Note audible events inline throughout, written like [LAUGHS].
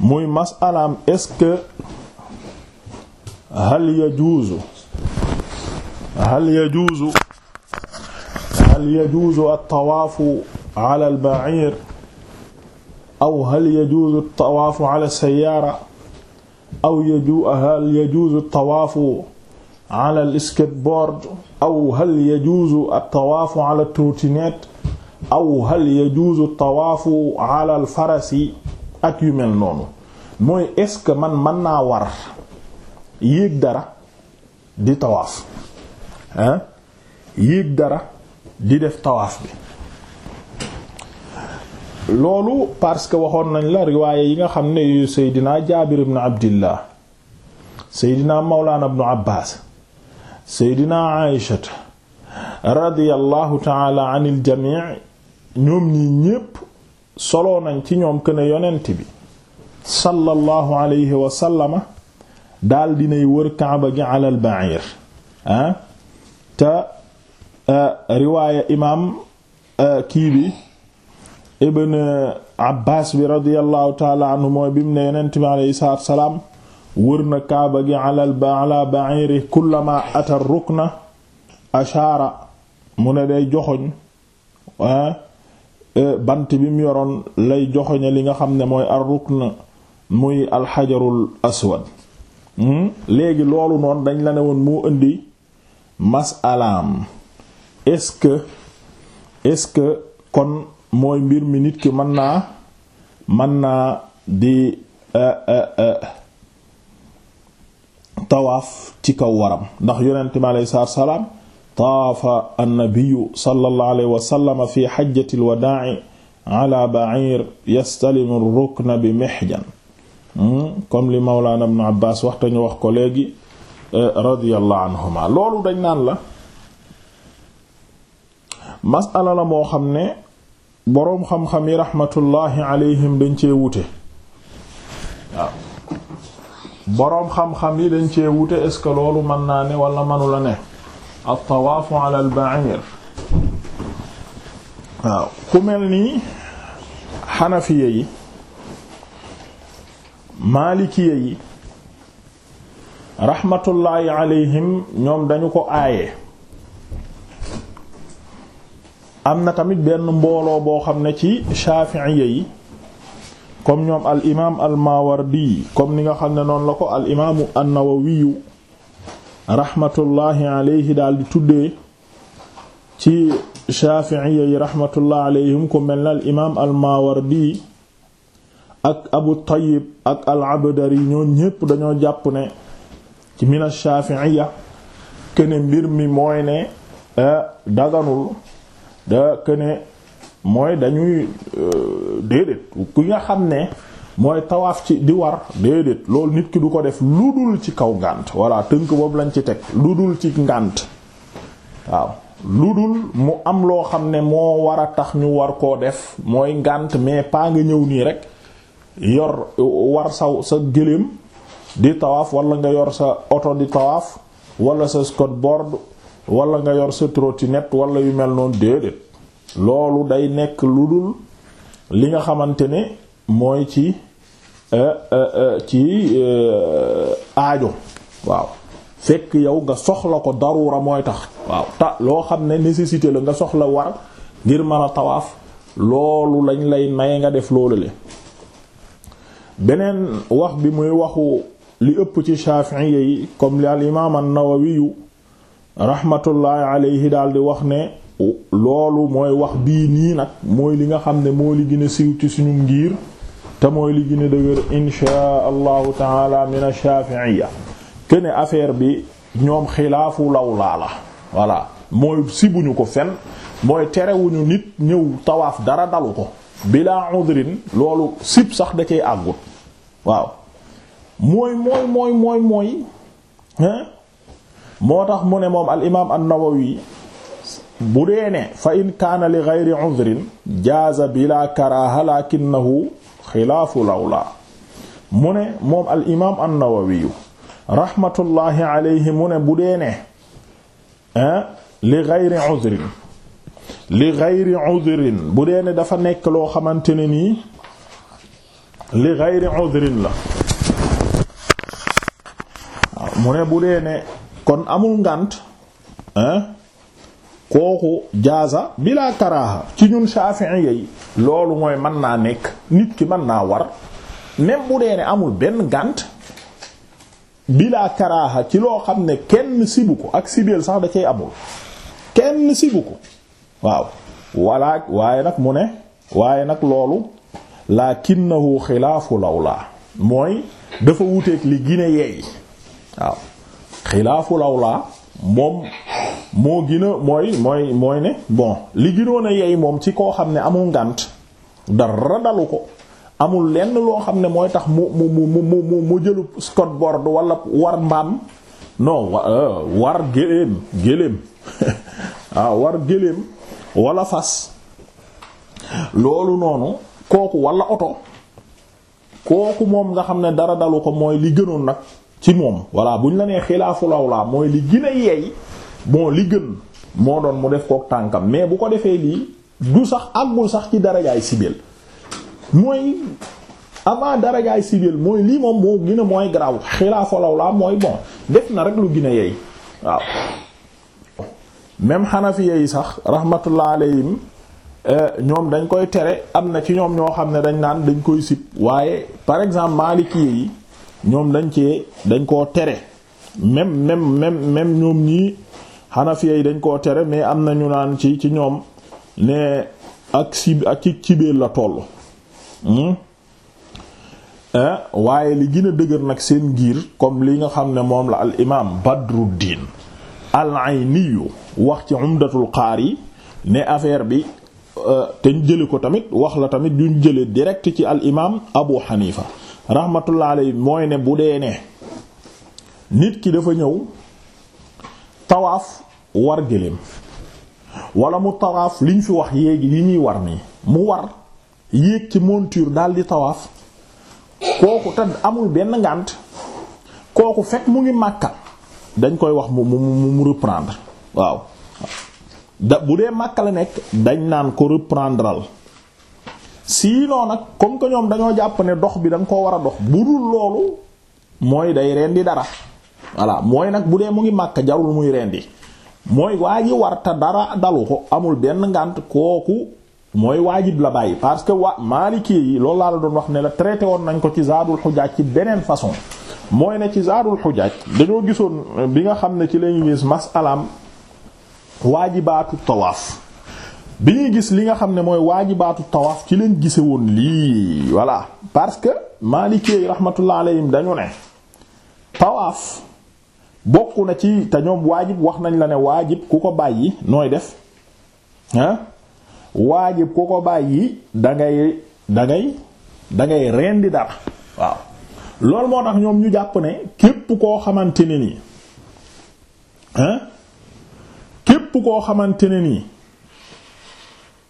muy masalaam est-ce que hal yajuuzu hal yajuuzu hal yajuuzu at-tawaafu ala al-ba'iir aw hal yajuuzu at-tawaafu ala as-sayyaara aw yaju hal yajuuzu at-tawaafu ala al-skateboard aw hal yajuuzu at-tawaafu ala at-trottinette aw hal yajuuzu at-tawaafu ala al-farasi ak yu mel noonu mooy est-ce que man mën naa war yéeg dara di tawaaf hein yéeg dara di def tawaaf bi loolu parce que waxoon nañ la riwaaye yi nga xam ne yu seydinaa jaabir ibnu abdillah seydinaa mawlaana ibnu abbaas seydinaa aysata radiyallahu taala anil jamii ñoom ñi ñépp solo nañ ci ñoom que ne yonent bi sallallahu alayhi wa daal dinay wër kaaba gi alal ba'ir ah te eh, riwaaya imaam eh, kii bi ibn abbas bi radiyallahu taala anhu mooy bi mu ne yonent bi alayhi salaatu salaam wër na kaaba gi alal ala ba'iri kullama ata rukna ashaara mu ne day joxoñ ah, Euh, bant bi mu yoroon lay joxoñe li nga xam ne mooy ar na muy alxajarul aswad hmm? léegi loolu noonu dañ la ne woon mu indi masalaam est-ce est-ce que kon mooy mbir mi nit ki mën naa mën naa di euh, euh, tawaaf ci kaw waram ndax yonent mi aleyhi taafa annabiyu sallallahu alayhi wa sallam fi xajjati alwadaa'i ala ba'ir yastalimu rukna bi mihjan hmm? comme li mawlaana ibn Abbaas waxta ñu wax ko léegi eh, radiyallahu loolu dañ naan la masala la moo xam ne boroom xam-xam yi raxmatullaahi alayhim dañ cee wute boroom xam-xam yi dañ cee wute est-ce loolu mën naa ne wala mënu la ne at-tawaafu al-ba'iir waaw ku mel ni xanafiya yi maalikiya yi raxmatullaahi alayhim ñoom dañu ko aaye am na tamit benn mbooloo boo xam ne ci shaafiiya yi comme ñoom al imaam al maawardi comme ni nga xam ne noonu la ko al imaamu an-nawawiyu rahmatullahi alayhi daal di tuddee ci shaafi'iyya yi rahmatullahi alayhim ko mel na al imaam al maawardi ak abu tayyib ak al abdari ñoom ñépp dañoo jàpp ne ci min al shaafi'iyya këne mbir mi mooy ne eh, daganul da këne mooy dañuy eh, déedéet ku nga xam ne mooy tawaaf ci di war déedéet loolu nit ki du ko def lu dul ci kaw ngànt voilà tënk boobu lañ ci teg lu dul ci ngant waaw lu dul mu am loo xam ne moo war a tax ñu war koo def mooy ngànt mais paa nga ñëw nii rek yor war sa sa gëléem di tawaaf wala nga yor sa oto di tawaaf wala sa skateboard wala nga yor sa trottinette wala yu mel noonu déedéet loolu day nekk lu dul li nga xamante ne mooy ci euh, euh, euh, ci aajo waaw fekk yow nga soxla ko daruura mooy tax waaw ta loo xam ne nécessité la nga soxla war ngir mën a tawaaf loolu lañ lay may nga def loolu le beneen wax bi muy waxu li ëpp ci Shafi'i yi comme li al imaam an-Nawawi rahmatullahi alayhi daal di wax ne loolu mooy wax bii nii nag mooy li nga xam ne moo li gën a siiw ci suñu ngir te mooy li gën a dëgër inchaa allahu taala min ash-shafi'iyya kene affaire bi ñoom xilaafu lawlaa la voilà mooy sibuñu ko fen mooy terewuñu nit ñëw tawaaf dara dalu ko bila sax da cay mooy mooy mooy mooy moo tax mu ne moom al imaam an-Nawawi bu dee ne fa in kaana li ghayri udrin jaaza bila karaaha lakinnahu xilaafu lawla mu ne moom al imaam an-Nawawi rahmatullahi alayhi mu ne bu dee dafa nekk loo xamante ne nii li gayri la mu ne kon amul ngànt ah kooku jaasa bila karaaha ci ñun Shafi'i yi loolu mooy mën naa nekk nit ki mën naa war même bu dee ne amul benn gànt bilaa karaaha ci loo xam ne kenn sibu ko ak sibeel sax da cay amul kenn sibu ko waaw wala waaye nag mu ne waaye nag loolu lakinnahu xilaafu lawlaa mooy dafa wuteeg li gine yeey waaw xilaafu lawlaa moom moo gën a mooy mooy mooy ne bon li gënoon a yey moom ci koo xam ne amul ngànt dara dalu ko amul lenn loo xam ne mooy tax mu mu mu mu mu jëlu skateboard wala war mbaam non euh, war géléem géléem waaw [LAUGHS] ah, war géléem wala fas loolu noonu kooku walla oto kooku moom nga xam ne dara dalu ko mooy li gënoon nag ci moom voilà buñ la nee xilaaful awla mooy li gën a yeey bon li gën moo doon mu def kook tànkam mais bu ko defee lii du sax àggul sax ci darajaay sibeel mooy avant darajaay sibeel mooy lii moom moo gën a mooy garaaw xilaaful awla mooy bon def na rek lu gën a yeey waaw même xanafiya yi sax rahmatullah alayhim euh, ñoom dañ koy tere am na ci ñoom ñoo xam ne dañ naan dañ koy sib waaye par exemple maliki yi ñoom dañ cee dañ koo tere même même même même ñoom ñii xanafiya yi dañ koo tere mais am nañu naan ci ci ñoom ne ak si ak ci cibeel la toll. Hmm? Eh, waaye li gën a dëgër nag seen ngir comme li nga xam ne moom la al imaam Badruddin al Ayni wax ci Umdatul yi ne affaire bi eh, te ñu jële ko tamit wax la tamit duñ jële direct ci al imaam Abu Hanifa. rahmatullah mooy ne bu dee ne nit ki dafa ñëw tawaaf war gëléem wala mu tawaaf liñ fi wax yéegi yi ñuy war nii mu war yéeg ci monture daldi di tawaaf kooku te amul benn ngànt kooku fekk mu ngi màkka dañ koy wax mu mu mu reprendre waaw da bu dee màkka la nekk dañ naan ko reprendral sinon nag comme que ñoom dañoo jàpp ne dox bi dañ koo war a dox bu dul loolu mooy day rendi dara voilà mooy nag bu dee mu ngi màkk jarul muy rendi mooy waa ji war te dara dalu ko amul benn ngànt kooku mooy waajib la bàyyi parce que waa Maliki yi loolu laa doon wax ne la traité woon nañ ko ci Zadul Hujjaj ci beneen façon mooy ne ci Zadul Hujjaj dañoo gisoon bi nga xam ne ci lañu gis mas'alaam waajibaatu tawaaf bi ñuy gis li nga xam ne mooy waajibaatu tawaaf ci leen gise woon lii voilà parce que maalikee rahmatullah alayhim dañu ne tawaaf bokk na ci te ñoom waajib wax nañ la ne waajib ku ko bàyyi nooy def ah waajib bàyyi da ngay da ngay da ngay rendi dara waaw loolu moo tax ñoom ñu jàpp ne képp koo xamante ne nii képp koo xamante ne nii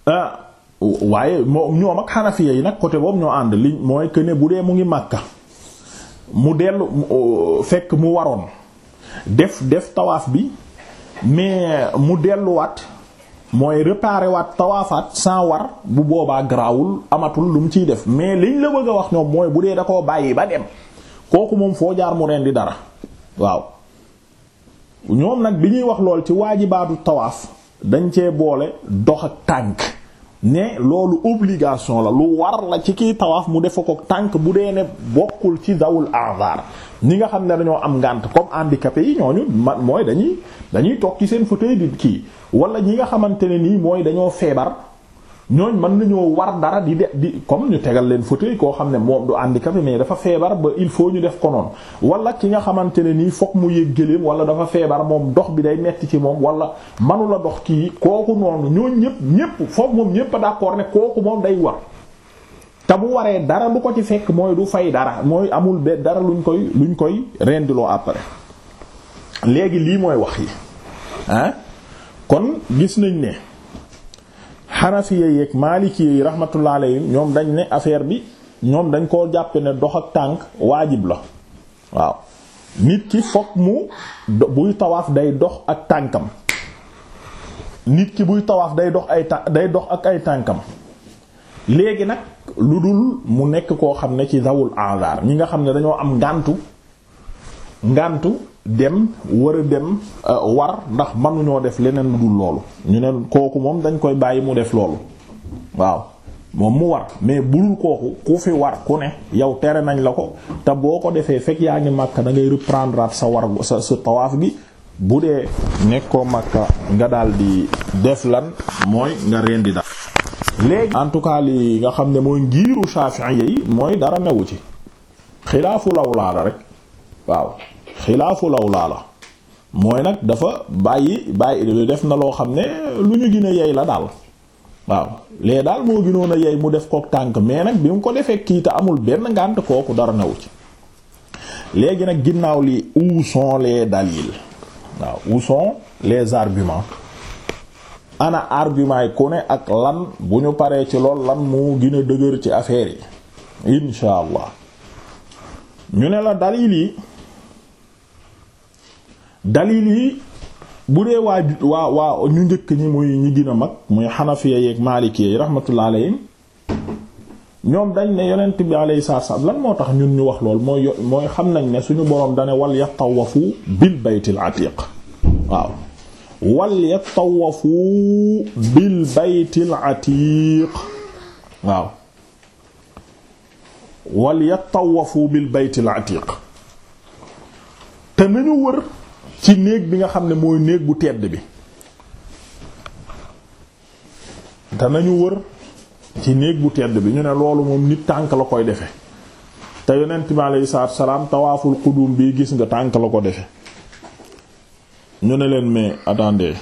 ah waaye moo ñoom ak xanafiya yi nag côté boobu ñoo ànd li mooy que ne bu dee mu ngi màkka mu dellu euh, fekk mu waroon def def tawaaf bi mais mu delluwaat mooy réparé waat tawaafaat sans war bu boobaa grawul amatul lu mu ciy def mais liñ la bëgg a wax ñoom mooy bu dee da koo bàyyi ba dem kooku moom foo jaar mu ren di dara waaw ñoom nag bi ñuy wax lool ci waajibaatu tawaaf dañ cee boole dox ak tànk ne loolu obligation la lu war la ci kiy tawaaf mu def ko tànk bu dee ne bokkul ci dawul azar ñi nga xam ne dañoo am ngànt comme handicapé yi ñooñu man mooy dañuy dañuy toog ci seen fauteuil di kii wala ñi nga xamante ne nii mooy dañoo feebar. ñooñ mën nañoo war dara di de di comme ñu tegal leen fauteuil koo xam ne moom du handicapé mais dafa feebar ba il faut ñu def ko noonu wala ki nga xamante ne nii fokk mu yëg gëléem wala dafa feebar moom dox bi day metti ci moom wala mënu la dox kii kooku noonu ñooñ ñëpp ñëpp foofu moom ñëpp a d'accord ne kooku moom day war te bu waree dara du ko ci fekk mooy du fay dara mooy amul be dara luñ koy luñ koy rendiloo après léegi lii mooy wax yi ah kon gis nañ ne xanafiya yeeg maalikiya yi rahmatullah alayhim ñoom dañ ne affaire bi ñoom dañ koo jàppe ne dox ak tànk waajib la waaw nit ki fokk mu buy tawaaf day dox ak tànkam nit ki buy tawaaf day dox ay dox ak ay tànkam léegi nag lu dul mu nekk koo xam ne ci dawul anzar ñi nga xam ne dañoo am ngàntu ngàntu dem war a dem euh, war ndax mënuñoo def leneen lu dul loolu ñu ne kooku moom dañ koy bàyyi mu def loolu waaw moom mu war mais bulul kooku ku fi war ku ne yow tere nañ la ko te boo ko defee fekk yaa ngi màkka da ngay reprendre sa war sa tawaaf bi bu dee nekkoo Makka nga daal di def lan mooy nga reen di daf léegi en tout cas li nga xam ne mooy ngiiru Shafi'i yi mooy dara newu ci xilaafu lawlaa rek waaw xilaafu laa la mooy nag dafa bàyyi bàyyi def na loo xam ne lu ñu gën a la daal waaw lee daal moo gënoon a yey mu def kook tànk mais nag bi mu ko defee kii te amul benn ngànt kooku dara newu ci léegi nag ginnaaw li où sont les dalil waaw où sont les arguments ana argument yi ku ne ak lan bu ñu paree ci lool lan mu gën a dëgër ci affaire yi insha allah ñu ne la dalil yi dalil yi bu dee waa waa ñu njëkk ñi muy ñi gën mag muy xanafiya yeeg maaliki yi rahmatullah alayhim ñoom dañ ne yonent bi alayhi salaam lan moo tax ñun ñu wax lool mooy mooy xam nañ ne suñu boroom dane wal yatawafu bil baytil atiq waaw wal yatawafu bil baytil atiq waaw wal yatawafu bil baytil atiq te nañu wër ci néeg bi nga xam ne mooy néeg bu tedd bi danañu wër ci néeg bu tedd bi ñu ne loolu moom nit tànk la koy defe te yonent bi aleyhi salaatu salaam tawaaful qudum bi gis nga tànk la ko defe ñu ne leen mais attendez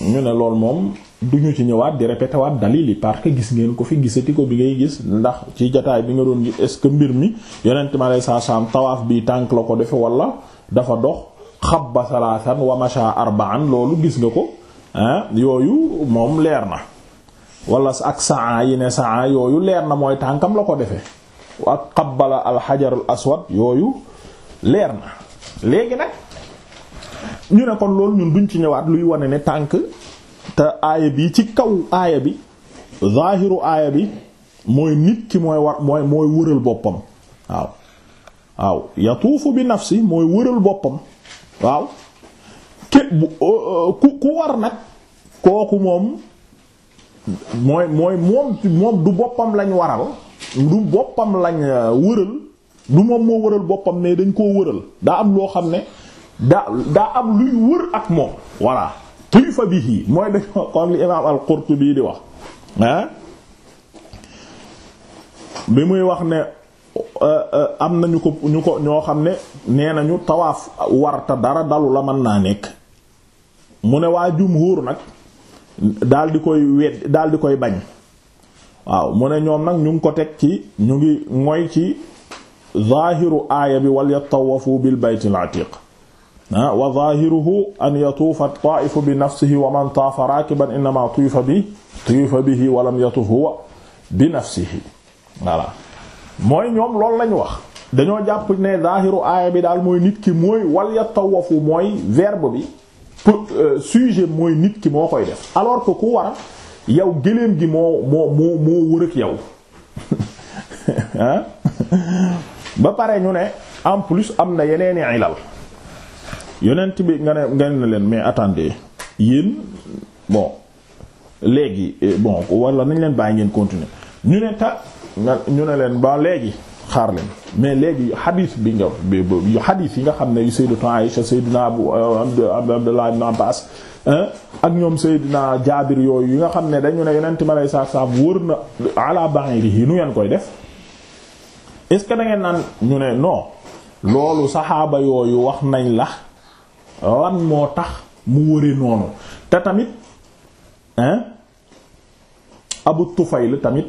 ñu ne lool moom duñu ci ñëwaat di répété waat yi parce que gis ngeen ko fi gisati ko bi ngay gis ndax ci jataay bi nga doon gis est-ce que mbir mi yonent mi aleyhi salaatu salaam tawaaf bi tànk la ko defe wala dafa dox xabba salaasan wa masha arba'an loolu gis nga ko ah yooyu moom leer na wala ak saa yi ne saa yooyu leer na mooy tànkam la ko defe ak bala alxajarul aswad yooyu leer na léegi nag ñu ne kon loolu ñun duñ ci ñëwaat luy wane ne tànk te aaya bi ci kaw aaya bi zaahiru aaya bi mooy nit ki mooy war mooy mooy wëral boppam waaw waaw yatuufu bi nafsi mooy wëral boppam waaw ku ku war nag kooku moom mooy mooy moom moom du boppam lañ waral du boppam lañ euh, wëral du moom moo wëral boppam ne dañ koo wëral daa am loo xam ne daa am luy wër ak moom voilà tuyfa bihi mooy dañoo comme li imaam al-Qurtubi di wax ah bi muy wax ne Euh, euh, am na ñu ko ñu ko ñoo xam ne nee nañu tawaaf warta dara dalu la man naa nekk mu ne waa jumhuur nag daal di koy wedd daal di koy bañ waaw mu ne ñoom nag ñu ngi ko teg ci ñu ngi moy ci zaahiru aaya bi wal yatawafu bil baytil atiq ah wa zaahiruhu an yatuufa at-taa'ifu bi nafsihi wa man taafa raakiban innamaa tuifa bi tuifa bihi wa lam yatuf huwa bi nafsihi voilà mooy ñoom loolu lañu wax dañoo jàpp ne zahiru aaya bi daal mooy nit ki mooy wal yatawafu mooy verbe bi pour euh, sujet mooy nit ki moo koy def alors que ku war yow gëléem gi moo moo moo wër ak yow [LAUGHS] ba pare ñu ne en plus am na yeneeni ilal yonent bi nga ne nga ne leen mais attendez yéen bon léegi eh, bon wala nañ leen bàyyi ngeen continuer ñu ne ta nga ñu ne leen ba léegi xaar leen mais léegi xadiis bi nga yu xadiis yi nga xam ne yu sayyidatu Aïsha sayyidina Abu euh, Abdullah ibn Abbas ak ñoom sayyidina Jaabir yooyu yi nga xam ne dañu ne yonent ma lay saaf saaf wër na ala ba'irihi nu ngeen koy def est-ce que da ngeen naan ñu ne non loolu saxaaba yooyu wax nañ la lan moo tax mu wëre noonu te tamit Abu Tufayl tamit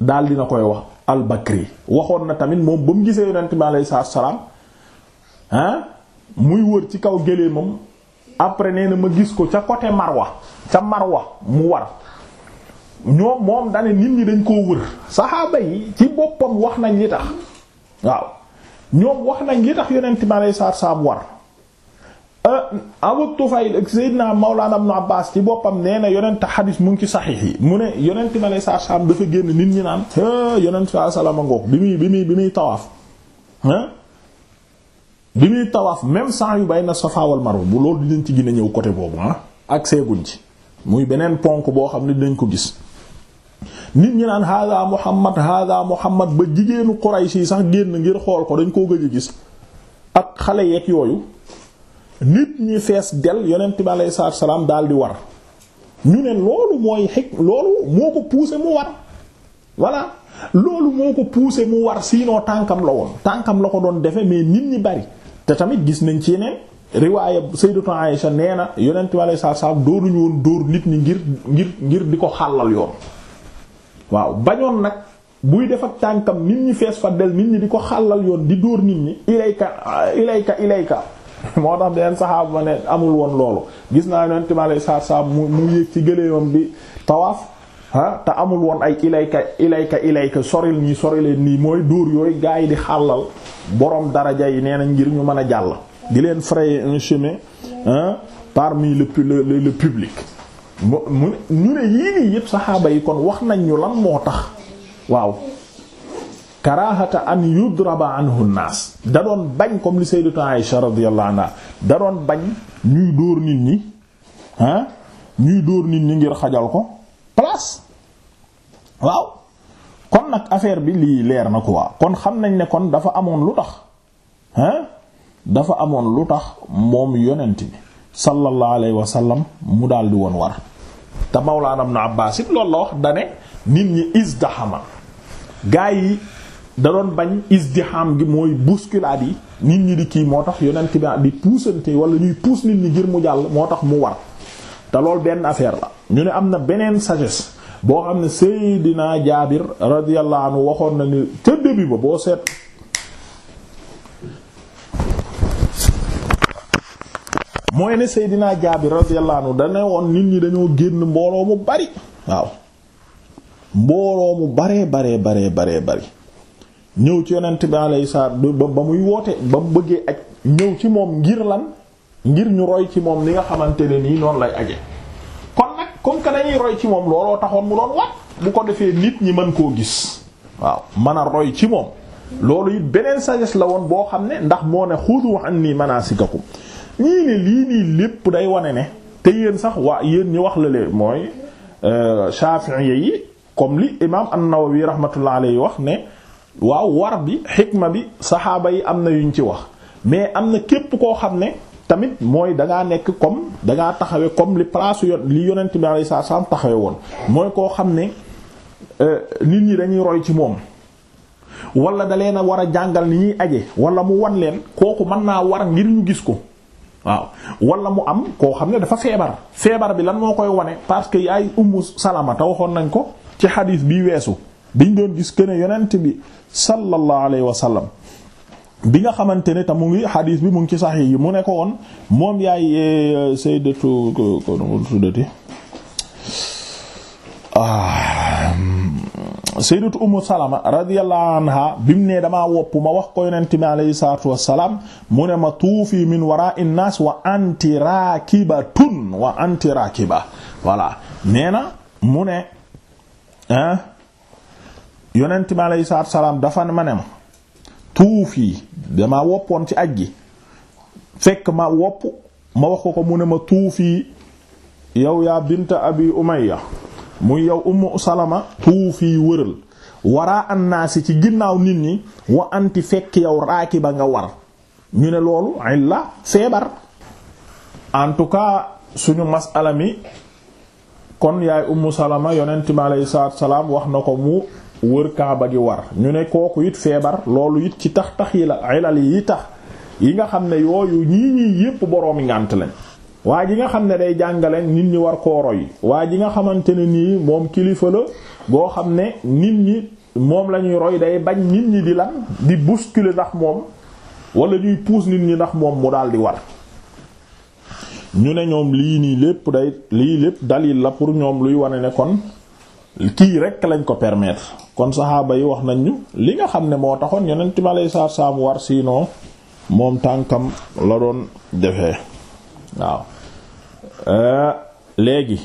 daal dina koy wax al waxoon na tamit moom ba mu gisee yonent bi alayhi salaatu salaam ah muy wër ci kaw géléemam après nee na ma gis ko ca côté Marwa ca Marwa mu war ñoom moom dane nit ñi dañ koo wër saxaaba yi ci boppam wax nañ li tax waaw ñoom wax nañ li tax yonent bi alayhi salaatu salaam war Euh, Abu naa ak Seydina Mawlana Ibn Abbas ci boppam nee na yonent xadis mu ngi ci saxiix yi mu ne yonent ma lay saa saam dafa génn nit ñi naan yonent saa salaama bi muy bi muy bi muy tawaaf bi muy tawaaf même saa yu bayna Safa wal Marwa bu loolu dinañ ci gën a ñëw côté boobu ah ak muy beneen ponk boo xam ne dinañ ko gis nit ñi naan hada Muhammad hada Muhammad ba jigéenu Quraysh yi sax génn ngir xool ko dañ koo gëj a gis ak xale yeeg yooyu nit ñi fees del yonent bi alayhi salaatu salaam daal di war ñu ne loolu mooy xik loolu moo ko poussé mu war voilà loolu moo ko poussé mu war sinon tànkam la woon tànkam la ko doon defe mais nit ñi bari te tamit gis nañ ci yeneen riwaaya sayyidatu Aisha nee na yonent bi alayhi salaatu salaam dooruñu woon dóor nit ñi ngir ngir di ko xàllal yoon waaw bañoon nag buy def ak tànkam nit ñi fees fa del nit ñi di ko xàllal yoon di dóor nit ñi ilayka ilayka ilayka [LAUGHS] moo tax beneen saxaaba ma ne amul woon loolu gis naa yonent bi alayhi salaatu salaam mu mu yéeg ci gëléemam bi tawaaf ah te amul woon ay ilayka ilayka ilayka soril nii sorileen nii mooy dóor yooyu gaa yi di xàllal borom daraja yi nee na ngir ñu mën a jàll di leen frayer un chemin parmi le le le public mu ñu ne yii nii yëpp saxaaba yi kon wax nañ ñu lan moo tax waaw karaahata an yudraba anhu naas da doon bañ comme li sayyidatu Aisha radiyallahu anha da doon bañ ñuy dóor nit ñi ah ñuy dóor nit ñi ngir xajal ko place waaw kon nag affaire bi lii leer na ko waaw kon xam nañ ne kon dafa amoon lu tax dafa amoon lu tax moom yonent bi sallallahu alayhi wa sallam mu daal di woon war te Mawlaana Ibn Abbaas it loolu la wax dane nit ñi isdahama gaa yi da doon bañ isdiham gi mooy bousculade yi nit ñi di kii moo tax yonent bi di puusante wala ñuy puus nit ñi ngir mu jàll moo tax mu war te lool benn affaire la ñu ne am na beneen sagesse boo xam ne Seydina Jaabir radiyallahu anhu waxoon na ni boo seet mooy ne Seydina Jaabir radiyallahu anhu dane woon nit ñi dañoo génn mbooloo mu bari waaw mbooloo mu baree baree baree baree bari ñëw ci yonent bi alayhi salaam ba ba muy woote ba mu bëggee ak ñëw ci moom ngir lan ngir ñu roy ci moom li nga xamante ne nii noonu lay aje kon nag comme que dañuy roy ci moom looloo taxoon mu ko defee nit ñi mën koo gis waaw mën ci moom loolu it beneen sagesse la woon boo xam ne ndax moo ne xudu anni manasikakum ñii ne lii nii lépp day wane ne te yéen sax waa yéen ñi wax la lee mooy euh, Shafi'i yi kom li imaam an-Nawawi rahmatullah wax ne waaw war bi xikma bi saxaaba yi am na yu ñu ci wax mais am na képp koo xam ne tamit mooy da nekk comme da taxawe comme li place yon li yonent bi saa salaam taxawe woon mooy koo xam ne euh, nit ñi dañuy roy ci moom wala da leen war a jàngal ni ñuy aje wala mu wan leen kooku mën naa war ngir ñu gis ko waaw walla mu am koo xam ne dafa feebar feebar bi lan moo koy wane parce que yaay ummu salama te waxoon nañ ko ci xadiis bi weesu biñ doon gis ne yonent bi sallallahu alayhi wa sallam bi nga xamante ne ta mu ngi bi mu ngi ci sax yi mu moom yaay eh, sayyidatu ko ko tuddati ah, salama radiyallahu anha bi mu ne damaa ma wax ko yonent bi alayhi salaatu wassalaam mu ma tuufi min wara'i naas wa anti raakibatun wa anti raakiba voilà nee na mu ah, yonent mi aleyhi salaatu salaam dafa ma ne ma tuuf dama woppoon ci aj gi fekk ma wopp ma wax ko ko mu ne ma tuuf yi yow yaa bint abi umayya muy yow ummu salama tuuf wëral waraa annaasi ci ginnaaw nit ñi wa anti fekk yow raaki nga war ñu ne loolu illa feebar en tout cas suñu masala mi kon yaay umu salama yonent mi aleyhi salaatu salaam wax na ko mu wër kaaba gi war ñu ne kooku it feebar loolu it ci tax tax yi la ilal yi tax yi nga xam ne yooyu ñii ñii yépp boroomi ngànt lañ waa ji nga xam ne day jàngale nit ñi war koo roy waa ji nga xamante ne nii moom kilifa la goo xam ne nit ñi moom lañuy roy day bañ nit ñi di lan di bousculer ndax moom wala ñuy puus nit ñi ndax moom mu daal di war ñu ne ñoom lii nii lépp day lii lépp dalil la pour ñoom luy wane ne kon kii rek lañ ko permettre kon saxaaba yi wax nañ ñu li nga xam ne moo taxoon yeneen time alay saar saam war siinoo moom tànkam la doon defee waaw euh, léegi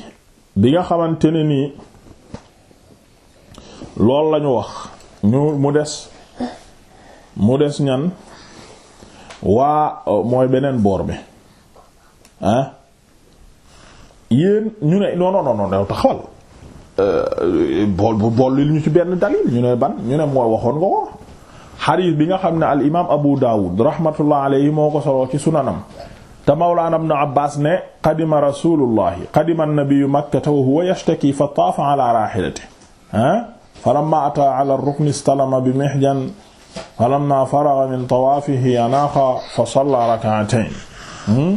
bi nga xamante ne nii loolu lañu wax ñu mu des mu des ñan waa euh, mooy beneen boor bi ah yéen ñu ne non non non taxawal Euh, bool bu bool li ñu ci benn dalil ñu ne ban ñu ne mooy waxoon nga ko xadiis bi nga xam ne al imaam Abu Dawud rahmatullah alayhi moo ko soloo ci sunanam te mawlaana ibn Abbaas ne qadima rasulullahi qadima an-nabiyyu makkata wa huwa yashtaki fa taafa ala raahilatihi fa lamma ataa ala ar-rukni istalama bi mihjan fa lamma faragha min tawaafihi anaaxa fa salla rak'atayn hmm?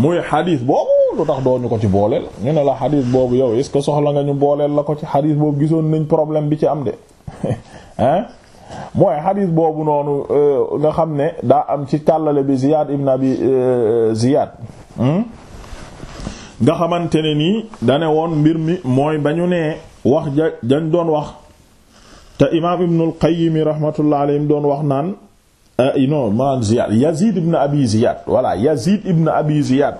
muy xadiis boobu lu tax doo ñu ko ci booleel ñu ne la xadiis boobu yow est-ce que soxla nga ñu booleel la ko ci xadiis boobu gisoon nañ problème bi ci am de [LAUGHS] hein mooy xadiis boobu noonu euh, nga xam ne daa am ci tàllale bi Ziyaad ibn Abi euh, Ziyaad hmm? nga xamante ne nii dane woon mbir mi mooy ba ñu nee wax ja dañ doon wax te imaam Ibnul Qayyim rahmatullah alayhi doon wax naan euh, non maanaam Ziyaad Yazid ibn Abi Ziyaad voilà Yazid ibn Abi Ziyaad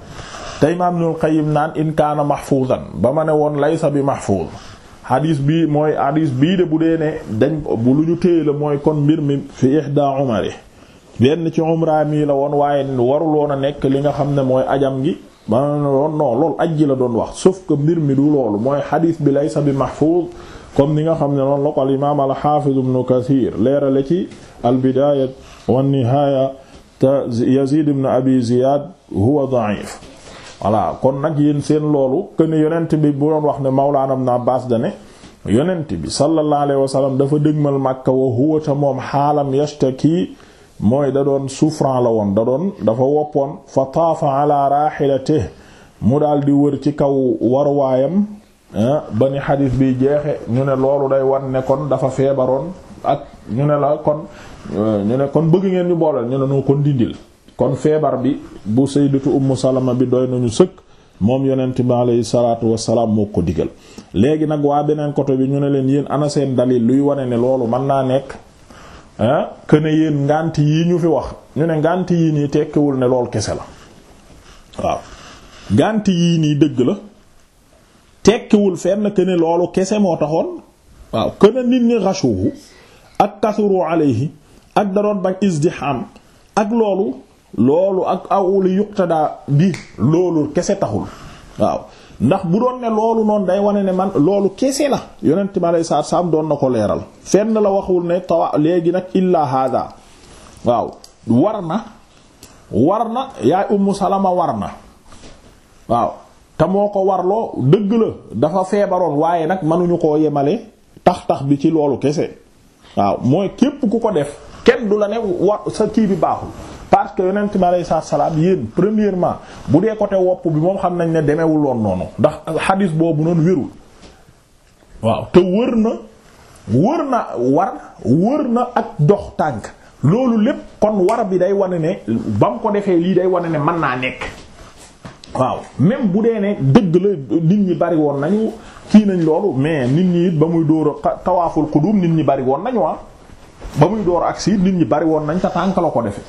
te imaam Ibnul Qayyim naan in kaana mahfuuzan ba ma ne woon laysa bi mahfuuz hadis mooy hadis bii de bu dee ne dañ bu lu ñu téye la mooy kon mbir mi fi ihda umari benn ci umra mi la woon waaye waruloon a nekk li nga xam ne mooy ajam gi ma ne woon non loolu ajji la doon wax sauf que mbir mi du loolu mooy hadis bi laysa bi mahfuuz comme ni nga xam ne noonu la ko al imaam al haafiz ibn Kasiir leerale ci al bidaaya wan al te Yaziid ibn Abi Ziyaad huwa da'if voilà kon nag yéen seen loolu que ne yonent bi bu doon wax ne Mawlaana Ibn baas da ne yonent bi sallallahu alayhi wa sallam dafa dëgmal Makka wa huwa ta moom xaalam kii mooy da doon souffrant la woon da doon dafa woppoon fa taafa ala rahilatihi mu daal di wër ci kaw warwaayam ah, ba ni xadis bi jeexe ñu ne loolu day wan ne kon dafa feebaroon ak ñu ne la kon euh, ñu ne kon bëgg ngeen ñu booleel ñu ne noo kon dindil kon feebar bi bu sayyidatu ummu salama bi doy nañu sëkk moom yonent bi alayhi salaatu wasalaam moo ko digal léegi nag waa beneen côté bi ñu ne leen yéen ana seen dalil luy wane ne loolu mën naa nekk ah ne yéen ngànt yi ñu fi wax ñu ne ngànt yi nii tekkiwul ne lool kese la waaw ngànt yii nii dëgg la tekkiwul fenn que loolu kese moo taxoon waaw que ne nit ñi rashuhu ak kasuru alayhi ak daroon bañ izdiham ak loolu. loolu ak awuli yuqtada bi loolu kese taxul waaw ndax bu doon ne loolu noonu day wane ne man loolu kese la yonent mi alayhi salaatu salaam doon na ko leeral fenn la waxul ne tawa léegi nag illa hada waaw war na war na yaay ummu salama war na waaw te moo ko warloo dëgg la dafa feebaroon waaye nag mënuñu koo yemale tax tax bi ci loolu kese waaw mooy képp ku ko def kenn du la ne war sa kii bi baaxul parce que yonent mi alayhi salaatu salaam yéen premièrement bu dee côté wopp bi moom xam nañ ne demewul loon noonu ndax xadiis boobu noonu wérul waaw te wër na wër na war wër na ak dox tànk loolu lépp kon war bi day wane ne ba mu ko defee lii day wane ne mën naa nekk waaw même bu dee ne dëgg la nit ñi bari woon nañu kii nañ loolu mais nit ñi ba muy dóor a tawaaful xudum nit ñi bari woon nañu ah ba muy dóor ak agsi nit ñi bari woon nañ te tànk la ko defe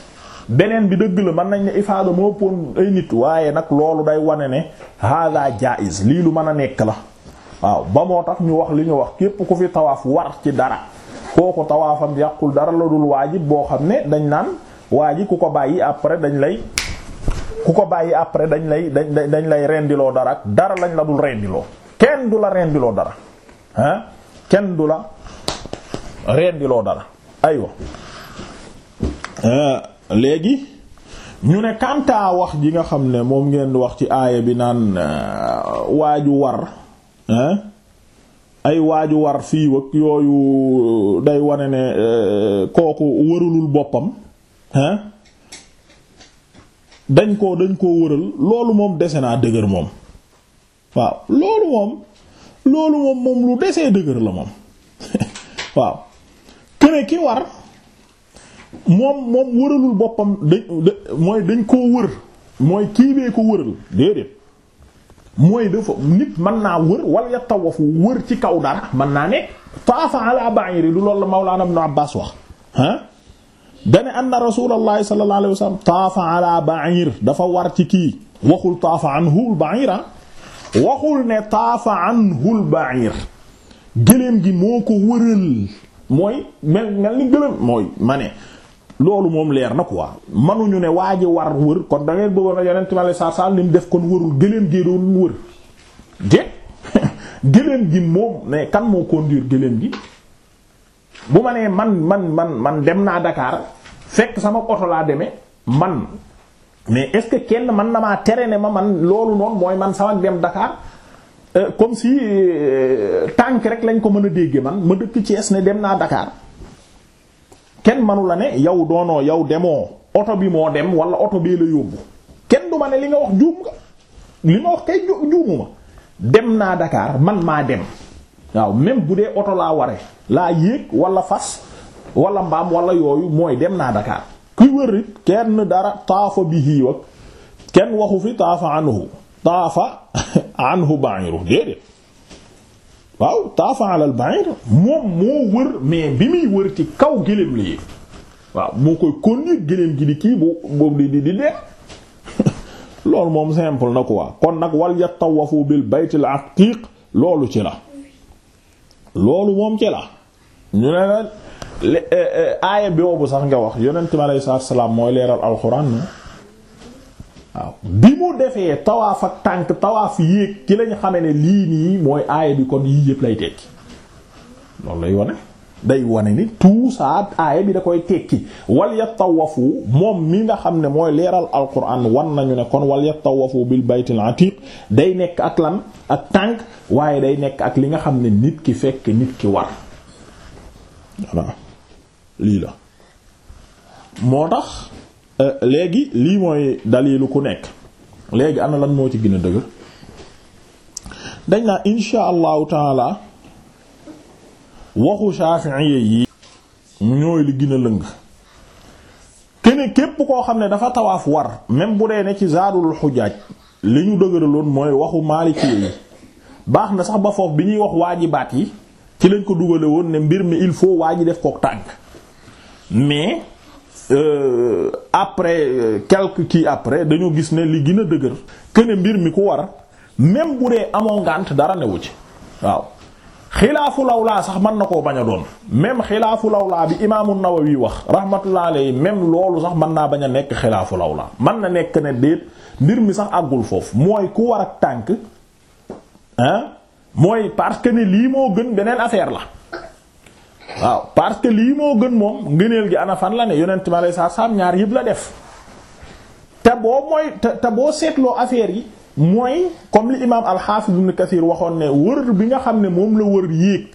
beneen bi dëgg la mën nañ ne ifaada moo pon ay nit waaye nag loolu day wane ne hada jaiz lii lu mën a nekk la waaw ba moo tax ñu wax li ñu wax képp ku fi tawaaf war ci dara kooku tawaafam yàqul dara la dul waajib boo xam ne dañ naan waajib ku ko bàyyi après dañ lay ku ko bàyyi après dañ lay dañ dañ lay rendiloo dara ak dara lañ la dul rendiloo kenn du la rendiloo dara ah kenn du la rendiloo dara aywa léegi ñu ne kàntaa wax ji nga xam ne moom ngeen wax ci aaya bi naan euh, waaju war ay waaju war fii wëg yooyu euh, day wane ne euh, kooku wëralul boppam dañ ko dañ koo wëral loolu moom dese naa dëgër moom waaw loolu moom loolu moom lu desee dëgër la moom [LAUGHS] waaw kene ki war moom moom wëralul boppam dañ mooy dañ koo wër mooy kii bee ko wëral déedéet mooy dafa nit mën naa wër wala ya tawafu wër ci kaw dara mën naa ne faafa ala ba'iri lu loolu la Mawlana Ibn Abbas wax ah dane anna rasulallahi sallallahu alayhi wasallam taafa ala ba'ir dafa war ci kii waxul taafa anhu al ba'ira ah. waxul ne taafa anhu al ba'ir gëléem gi moo ko wëral mooy mel mel ni gëléem mooy ma ne loolu moom leer na waa manuñu ne waa ji war wër kon da ngeen bëggoon a yonent ma la saa saa lim def kon wërul gëléem gee doon wër de [LAUGHS] gëléem gi moom mais kan moo conduire gëléem gi bu ma nee man man man man dem naa Dakar fekk sama oto laa demee man mais est-ce que kenn man na maa tere ne ma man loolu noonu mooy man sama dem Dakar euh, comme si euh, tànk rek lañ ko mën a déggee man ma dëkk Thiès ne dem naa dakaar kenn manu la ne yow doonoo yow demoo oto bi moo dem wala oto bee la yóbbu kenn du ne li nga wax juum nga li nga wax kay juumu ma dem naa dakaar man maa dem waaw même bu dee oto laa ware laa yéeg walla fas wala mbaam wala yooyu mooy dem naa Dakar kuy wër kenn dara taafa bi hiiw kenn waxu fi taafa anhu taafa [LAUGHS] anhu ba'iru déedéet waaw taafa alal ba'ir moom moo wër mais bi muy wër ci kaw gëléem lii waaw moo koy conduire gëléem gi di kii bu boobu di di dem [LAUGHS] loolu moom simple na quoi kon nag wal yatawafu bil baytil atiq loolu ci la loolu moom ci la ñu ne la eh, eh, aaya boobu sax nga wax yonent mi alayhi salaam mooy leeral alxuraan waaw bi mu defee tawaaf ak tànk tawaaf yéeg ki lañ xame ne lii nii mooy aaya bi kon yii yëpp lay tekki loolu lay wane day wane ni tout ça aaya bi da koy tekki wal yatawafu moom mi nga xam ne mooy leeral alquran wan nañu ne kon wal yatawafu bil baytil atiq day nekk ak lan ak tànk waaye day nekk ak li nga xam ne nit ki fekk nit ki war voilà lii la moo tax Euh, léegi lii mooy dalilu ku nekk léegi am na lan moo ci gën a dëgër dañ naa insha allahu taala waxu Shafi'i yi ñooy li gën a lëng kene képp koo xam ne dafa tawaaf war même bu dee ne ci zaadul xujaaj li ñu dëgëraloon mooy waxu Maliki yi baax na sax ba foofu bi ñuy wax waajibaat yi ci lañ ko dugale woon ne mbir mi il faut waa ji def kook tànk mais Euh, après euh, quelques kii après dañoo gis ne li gën a dëgër que mbir mi ku war même bu dee amoo ngànt dara newu ci waaw xilaafu lawlaa sax mën na koo bañ a doon même xilaafu lawlaa bi imaamu Nawawi wax rahmatullah alayhi même loolu sax mën naa bañ a nekk xilaafu lawlaa mën na nekk ne déet mbir mi sax àggul foofu mooy ku war ak tànk ah mooy parce que ne lii moo gën beneen affaire la waaw parce que lii moo gën moom ngëneel gi ana la ne yonent ma alayhi salaatu ñaar yëpp la def te boo mooy te te boo seetloo affaire yi mooy comme li imaam al-Hafiz Ibn waxoon ne wër bi nga xam ne moom la wër yéeg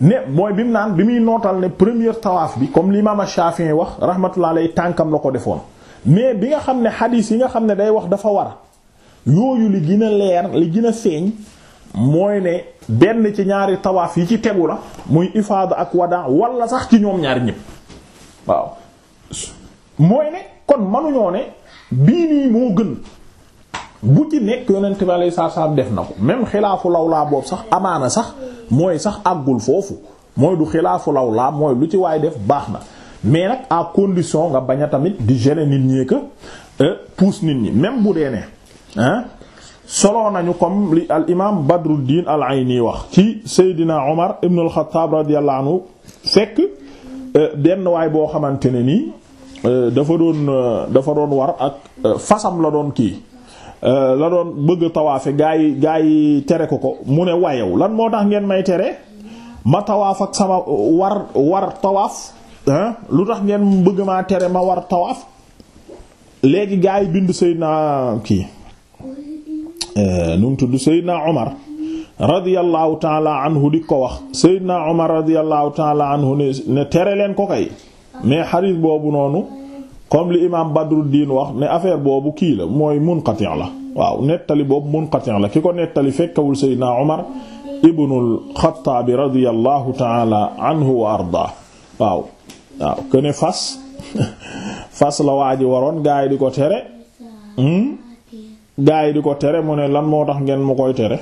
ne mooy bi mu naan bi muy nootal ne première tawaaf bi comme li imaam Shafi'i wax rahmatullah alayhi tànkam la ko defoon mais bi nga xam ne xadiis yi nga xam ne day wax dafa war yooyu li gën leer li gën seeñ mooy ne benn ci ñaari tawaaf yi ci tegu la muy ifaada ak wadaa wala sax ci ñoom ñaari ñëpp waaw mooy ne kon manuñoo ne bii nii moo gën bu ci nekk yonent bi alayhi salaam def na ko même xilaafu lawlaa boobu sax amaana sax mooy sax àggul foofu mooy du xilaafu laa mooy lu ci waay def baax na mais nag à condition nga bañ a tamit di gêner nit ñi que euh, pousse nit ñi même bu dee ne ah solo nañu comme li al imaam Badruddin al Ayni wax ci Seydina Omar ibn al-Khattab radiyallahu anhu fekk euh, benn waay boo xamante ne nii euh, dafa doon euh, dafa doon war ak fasam la doon kii la doon bëgg tawaafe gaa yi gaa yi tere ko ko mu ne wayew lan moo tax ngeen may tere ma tawaaf ak sama war tawaaf lu tax ngeen bëgg maa tere ma war tawaaf léegi gaa yi bind Seydina kii Eh, nu mu tudd Seydina Omar radiyallahu taala anhu di ko wax Seydina Omar radiyallahu taala anhu ne ne tere leen ko kay mais xadis boobu noonu comme li imaam Badruddin wax ne affaire boobu kii la mooy munqati' la waaw nettali boobu munqati' la ki ko nettali fekkewul Seydina Omar ibnul Xattaab radiyallahu taala anhu wa ardaa waaw waaw kene fas [LAUGHS] fas la waa waroon gaa di ko tere. Hmm? gaa yi di ko tere mu ne lan moo tax ngeen ma koy tere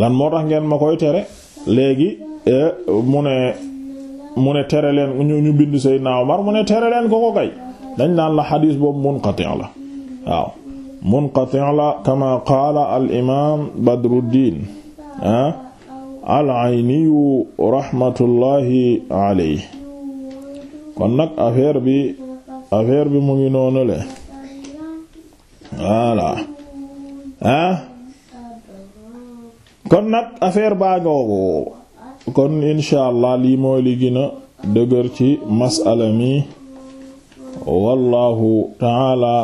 lan moo tax ngeen ma koy tere léegi eh, mu ne mu ne tere leen ñu ñu bind Seydina Omar ko ko kay dañ laan la xadiis boobu munqati' la waaw munqati' la kama qaala al imaam Badruddin ah al ayniyu rahmatullahi alayhi kon nag affaire bi affaire bi mu ngi noonu le voilà ah kon nag affaire baa ngoogu kon insha allah lii mooy li dëgër ci masala mi wallahu taala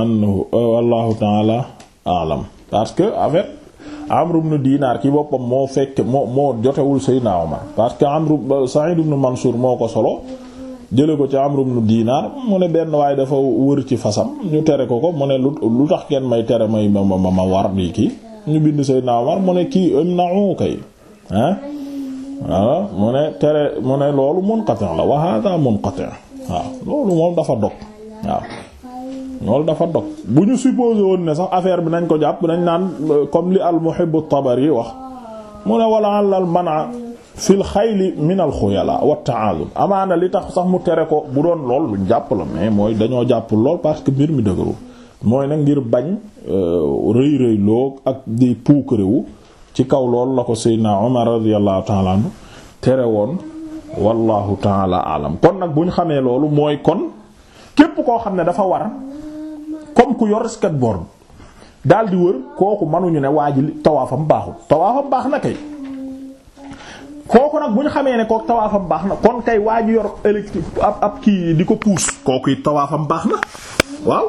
anhu wallahu taala alam parce que en fait Amr ibn Dinar boppam moo fekk moo moo jotewul Seydina Omar parce que Amr Sa'id ibn Mansur moo ko solo jële ko ci Amru ibn Diinaar mu ne benn waaye dafa wër ci fasam ñu tere ko ko mu ne lu tax kenn may tere may ma ma ma war bi kii ñu bind naaw Umar mu ne kii imna'u na ah waaw mu ne tere mu ne loolu munqati' la wa hadha munqati' waaw loolu moom dafa dog waaw loolu dafa dog bu ñu supposé woon ne sax affaire bi nañ ko jàpp nañ naan euh, comme li al-Muhibb at-Tabari wax mu ne wala al man'a fil xayli min al xuyala wa amaana li tax sax mu tere ko bu doon lool luñ jàpp la mais mooy dañoo jàpp lool parce que mbir mi dëgëru mooy nag ngir bañ euh, rëy rëy loo ak di puukarewu ci kaw lool la ko Seydina Omar radiyallahu ta'ala tere woon wallahu ta'ala alam kon nag bu ñu xamee loolu mooy kon képp koo xam ne dafa war comme ku yor skateboard daal di wër kooku mënuñu ne waa ji tawaafam baaxul tawaafam baax na kay. kooku nag bu ñu xamee ne kooku tawaafam baax na kon kay waa ji yor électrique ab ab kii di ko puus kooku it tawaafam baax na waaw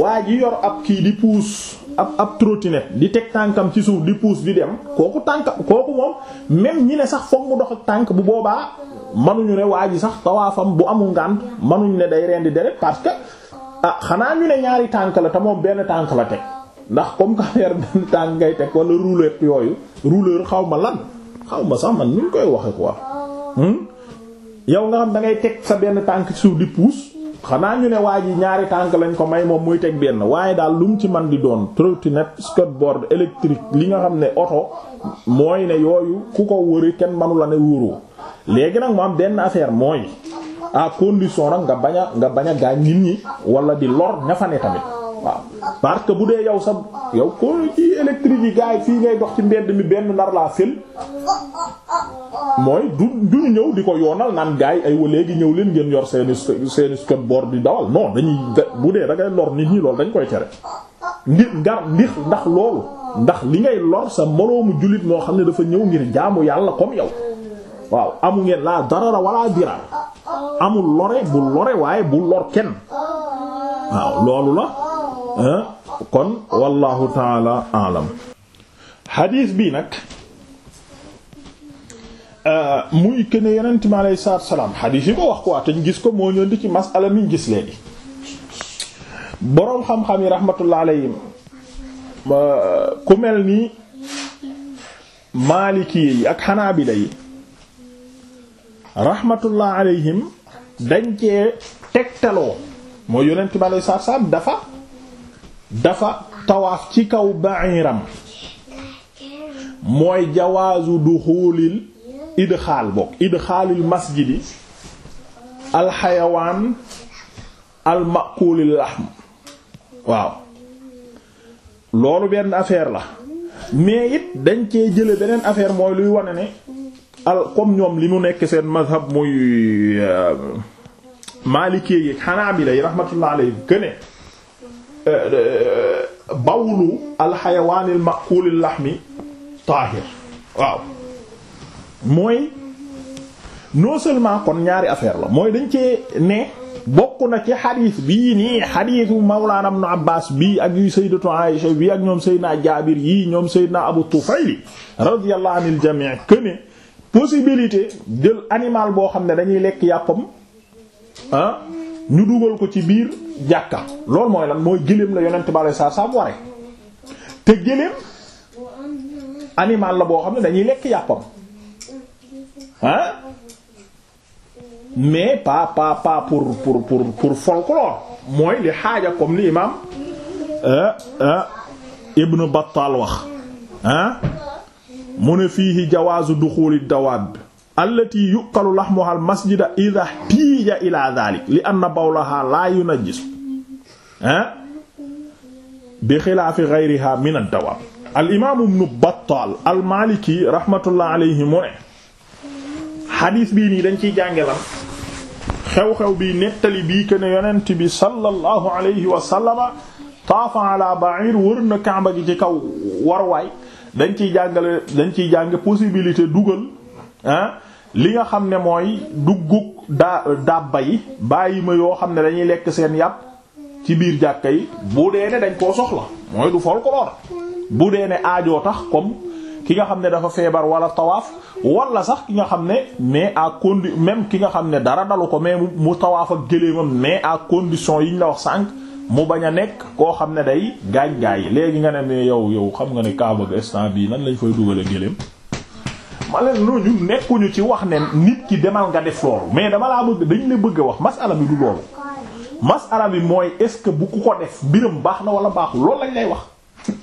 waa ji yor ab kii di puus ab ab trottinette di teg tànkam ci suuf di puus di dem kooku tànk kooku moom même ñi ne sax foog mu dox ak tànk bu boobaa mënuñu ne waa ji sax tawaafam bu amul ngànt mënuñu ne day rendi deret parce que ah xanaa ñu ne ñaari tànk la te moom benn tànk la teg ndax comme que affaire [LAUGHS] benn tànk ngay teg wala roulette yooyu rouleur xaw ma lan. xaw ma sax man nuñ koy waxe quoi hmm? yow nga xam dangay teg sa benn tànk ci suuf di puus xanaa ñu ne waa ji ñaari tànk lañ ko may moom muy teg benn waaye daal lu mu ci man di doon trottinette skateboard électrique li nga xam ne oto mooy ne yooyu ku ko wëri kenn manu la ne wóoroo léegi nag mu am benn affaire mooy à condition ak nga bañ a nga bañ a gaañ nit ñi wala di lor ña fa ne tamit waaw parce que bu dee yow sa yow ko ci électrique yi gars fii ngay dox ci mbedd mi benn nar laa fël mooy du duñu ñëw di ko yoonal naan gars yi ay wa léegi ñëw leen ngeen yor seeni seeni skateboard di dawal non dañuy bu dee da ngay lor nit ñi loolu dañ koy cere ngir ngar ndix ndax loolu ndax li ngay lor sa moroomu jullit moo xam ne dafa ñëw ngir jaamu yàlla kom yow waaw amu ngeen laa darara wala diraar amul lore bu lore waaye bu lor kenn waaw loolu la kon wallahu taala alam xadiis bi nag euh, muy këne yonent mi aleyhi salaatu salaam xadiis yi ko wax quoi te ñu gis ko moo ñëw di ci masala mi gis léegi boroom xam-xam yi rahmatullah aleyhim ku mel ni maaliki yi ak xanaabila yi rahmatullah aleyhim dañ cee tegtaloo mooy yonent mi aleyhi salaam dafa dafa tawaaf ci kaw ba'iram mooy jawaazu duxuulil idxaal bokk idxaalil masjidi alxayawaan almaquulil lahm waaw loolu benn affaire la mais it dañ cee jële beneen affaire mooy luy wane ne al comme ñoom li mu nekk seen mazhab muy euh, maalikee yi xanaa bi lay rahmatullah alayhi gëne bawlu alxayawaanil makulil laxmi taahir waaw mooy non seulement kon ñaari affaire la mooy dañ cee ne bokk na ci xadiis bii nii xadiisu mawlaana ibnu Abbaas bii ak yu sayyidatu Aisha bii ak ñoom sayyidina Jaabir yii ñoom sayyidina Abu Tufayli radiyallahu anil jamii que possibilité jël animal boo xam ne dañuy lekk yàppam ah ñu dugal ko ci biir jàkka loolu mooy lan mooy gëléem la yonent bi alei saa salaam ware te gëléem animal la boo xam ne dañuy lekk yàppam ah mais pa pa pa pour pour pour pour folklore mooy li xaaja comme li imam euh, euh, Ibn Battal wax ah mu ne fii fiihi jawaazu duxuuli dawaab allati yuqalu lahmuha al masjida idha tiija ila dhalik bawlaha la yunajjis bi xilaafi ghayriha min ad-dawaab al imaam ibnu rahmatullah mu ne xadiis bii nii dañ ciy jànge lan xew-xew bi nettali bii que ne yonent bi sallallahu alayhi wa taafa ala ba'ir wër na Kaaba gi ci kaw warwaay dañ ciy jàngale dañ ciy jàng possibilité dugal li nga xam ne mooy duggug daa dàbba yi bàyyi ma yoo xam ne dañuy lekk seen yàpp ci biir jàkka yi bu dee ne dañ koo soxla mooy du folklore bu dee ne aajoo tax comme ki nga xam ne dafa feebar wala tawaaf wala sax ki nga xam ne mais à condi même ki nga xam ne dara dalu ko mais mu tawaaf ak gëléemam mais à condition yi ñu la wax sànq mu bañ a nekk koo xam ne day gaañ gaañ yi léegi nga ne mais yow yow xam nga ne Kaaba instant bii nan lañ fay dugale gëléem ma leen noonu ñun nekkuñu ci wax ne nit ki demal nga def loolu mais dama laa bëgg dañu la bëgg a wax masala bi du loolu masala bi mooy est-ce que bu ku ko def mbiram baax na wala baaxul loolu lañ lay wax [LAUGHS]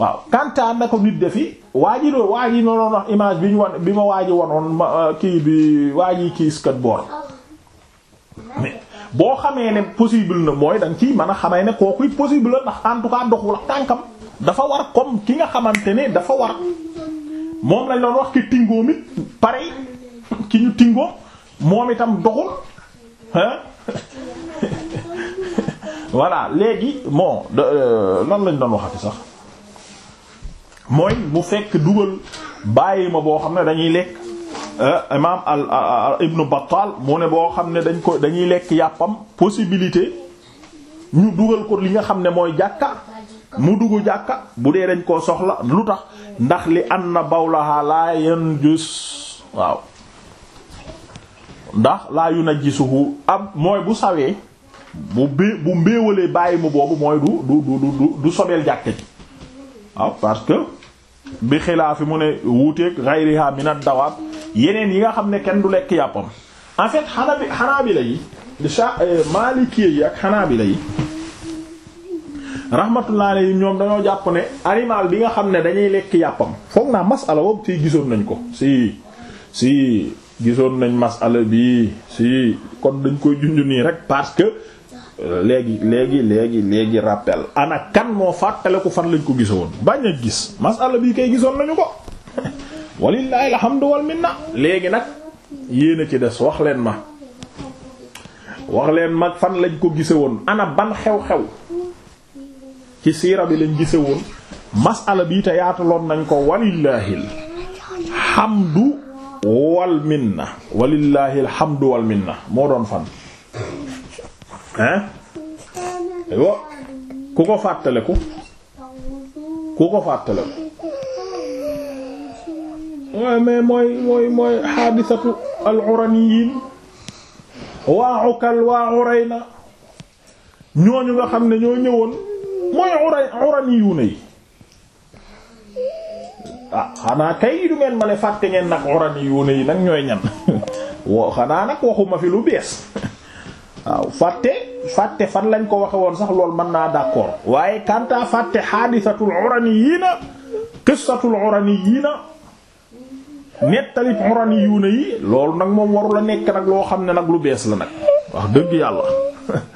waaw kantaan na ko nit defi waa ji doon waa ji noonu wax image bi ñu wan bi ma waa ji wanoon ma euh, kii bi waa ji kii skateboard mais boo xamee ne possible na mooy da nga ciy a xamee ne kooku possible la ndax en tout cas doxul ak tànkam dafa war comme ki nga xamante ne dafa war moom lañ doon wax ki tingoom it pare ki ñu tingoom moom itam doxul hein [LAUGHS] voilà léegi bon euh, lan lañ doon waxati sax mooy bu fekk dugal bàyyi ma boo xam ne dañuy lekk euh, imaam al ibnu Battal mu ne boo xam ne dañ ko dañuy lekk yàppam possibilité ñu dugal ko li nga xam ne mooy jàkka mu dugg jàkka bu dee dañ ko soxla lu tax ndax li anna bawlaha laa yanjus waaw ndax laa yunajjisuhu ab mooy bu sawee bu bé bu mbéewalee bàyyi mu boobu mooy du du du du du sobeel jàkke waaw parce que bi xilaafi mu ne wuuteeg ghayriha min dawaab yeneen yi nga xam ne kenn du lekk yàppam en fait xanaa bi xanaa bi la yi Maliki yi ak xanaa bi la yi rahmatullah yi ñoom dañoo jàpp ne animal bi nga xam ne dañuy lekk yàppam foog naa masala boobu si gisoon nañu ko si si gisoon nañ masala bi si kon dañ koy junj nii rek parce que euh, léegi léegi léegi léegi rappel ana kan moo fàttale fàttaliku fan lañ ko gisoon bañ a gis masala bii kay gisoon nañu ko [LAUGHS] walillahi alhamdu wal minna léegi nag yéen a ci des wax leen ma wax leen mag fan lañ ko gise woon ana ban xew-xew ci siira bi lañ gise woon masala bi te yaataloon nañ ko walillaahil hamdu wal minna walillaahil hamdu moo doon fan hein wo ku ko fàttaleku ku ko fàttaleku mooy mooy mooy xaadisatu al uraniyin waa ukal waa ñooñu nga xam ne ñoo ñëwoon mooy uraniyuuna yi ah, xanaa kay du ngeen ma ne fàtte ngeen nag uraniyuuna yi nag ñooy ñan [LAUGHS] wo xanaa nag waxuma fi lu bees [LAUGHS] fàtte fàtte fan lañ ko waxe woon sax loolu mën naa d'accord waaye kanta fàtte xaadisatul uraniyiina qissatul uraniyiina nettali uraniyuuna yi loolu nag moom waru la nekk nag loo xam ne nag lu bees la nag wax dëgg yàlla [LAUGHS]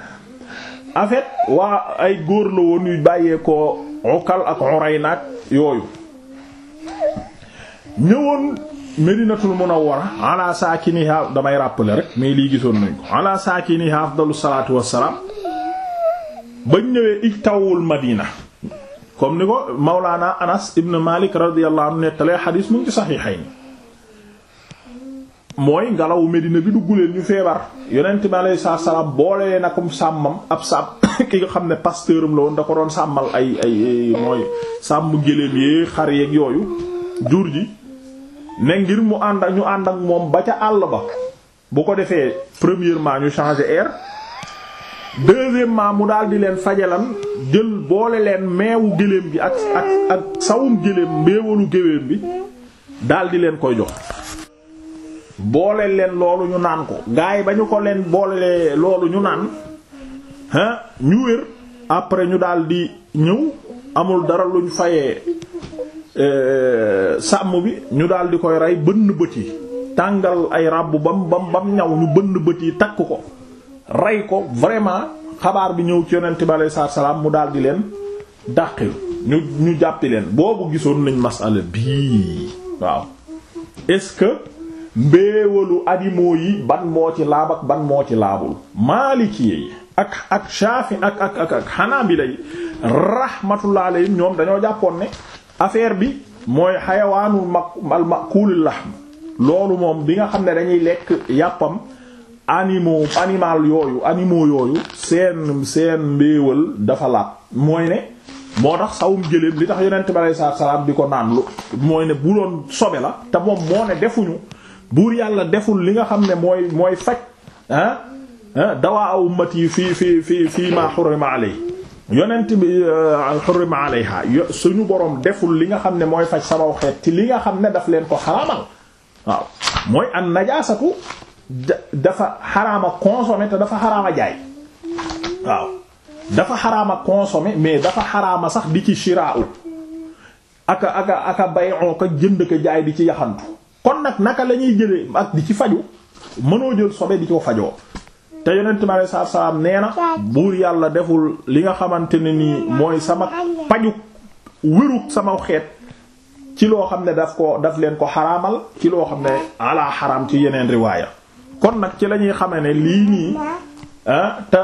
en fait waa ay góor la woon yu bàyyee ko Ukal ak Urayna yooyu ñëwoon Medinatul Munawwara ala saakiniha damay rappeler rek mais lii gisoon nañ ko ala saakiniha afdalu salaatu wassalaam bañ ñëwee ijtawul Madina comme ni ko Mawlaana Anas ibn Malik radiyallahu nettalee xadiis mu ngi ci saxiixayni mooy ngelawu Medina bi dugg leen ñu feebar yonent bi alayhi salaatu salaam boole leen akum sàmmam ab sàmm [COUGHS] ki nga xam ne pasteuram la woon da ko doon sàmmal ay ay mooy sàmm géléem yee xar yeeg yooyu jur ji ne ngir mu ànd ñu ànd ak moom ba ca àll ba bu ko defee premièrement ñu changer air deuxièmement mu daal di leen fajalan jël boole leen meewu géléem gi ak ak ak sawum géléem meewalu géléem bi daal di leen koy dox boole leen loolu ñu naan ko gars yi ba ñu ko leen boole loolu ñu naan hein ñu wér après ñu daal di ñëw amul dara luñ fayee euh, sàmm bi ñu daal di koy rey bënn bët yi tàngal ay ràbb bam bam bam ñaw ñu bënn bët yi takk ko rey ko vraiment xabaar bi ñëw ci yonent bi aleyhi salaatu salaam mu daal di leen dàqil ñu ñu jàppi leen boobu gisoon nañ masala bii waaw mbéewalu adimoo yi ban moo ci laab ak ban moo ci laabul maaliki yi ak ak shafi ak ak ak ak hanabila yi rahmatullah ñoom dañoo jàppoon ne affaire bi mooy xayawaanul ma al loolu moom bi nga xam ne dañuy lekk yàppam animaux animal yooyu animaux yooyu seen seen mbéewal dafa laab mooy ne moo tax sawum jëleem li tax yonent bi alayhi salaam di ko naan mooy ne bu doon sobe la te moom moo ne defuñu buur yàlla deful li nga xam ne mooy mooy faj ah, ah dawaa ummati fii fii fii fii ma xurima alay yonent bi euh, xurima alayha suñu borom deful li nga xam ne mooy faj sabaw xeet ci li nga xam ne daf leen ko xaraamal waaw mooy an najaasatu dafa xarama consommer te dafa xaraama jaay waaw dafa xaraama consommer mais dafa xaraama sax di ci shiraa'u aka aka aka bay'u ka jënd ka jaay di ci yaxantu kon nag naka la ñuy jëlee ak di ci faju mënoo jël sobe di ko fajoo te yonent bi alei salaatu salaam nee na buur yàlla deful li nga xamante ne nii mooy sama pajuk wérug sama xeet ci loo xam ne daf ko daf leen ko xaraamal ci loo xam ne ala xaraam ci yeneen riwaaya kon nag ci la ñuy lii nii ah te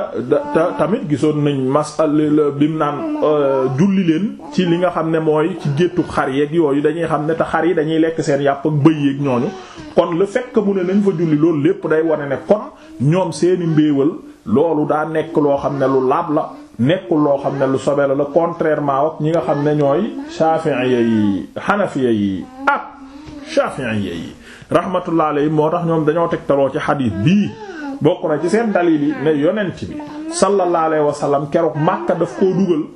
tamit gisoon nañ masal bi mu naan euh, julli leen ci li nga xam ne mooy ci géttu xar yeeg yooyu dañuy xam ne te xar yi dañuy lekk seen yàpp ak bëy yeek ñooñu kon lu fait que mu ne nañ fa julli loolu lépp day wane ne kon ñoom seeni mbéewal loolu daa nekk loo xam ne lu laab la nekkul loo xam ne lu sobe la la contrairement ak ñi nga xam ne ñooy shafi'iyya yi hanafiyya yi ak shafi'iyya yi rahmatullah alayhi moo tax ñoom dañoo teg tegtaloo ci hadith bii bokk na ci seen dalil yi ne yonent bi sallallahu alayhi wa sallam keroog Makka daf koo dugal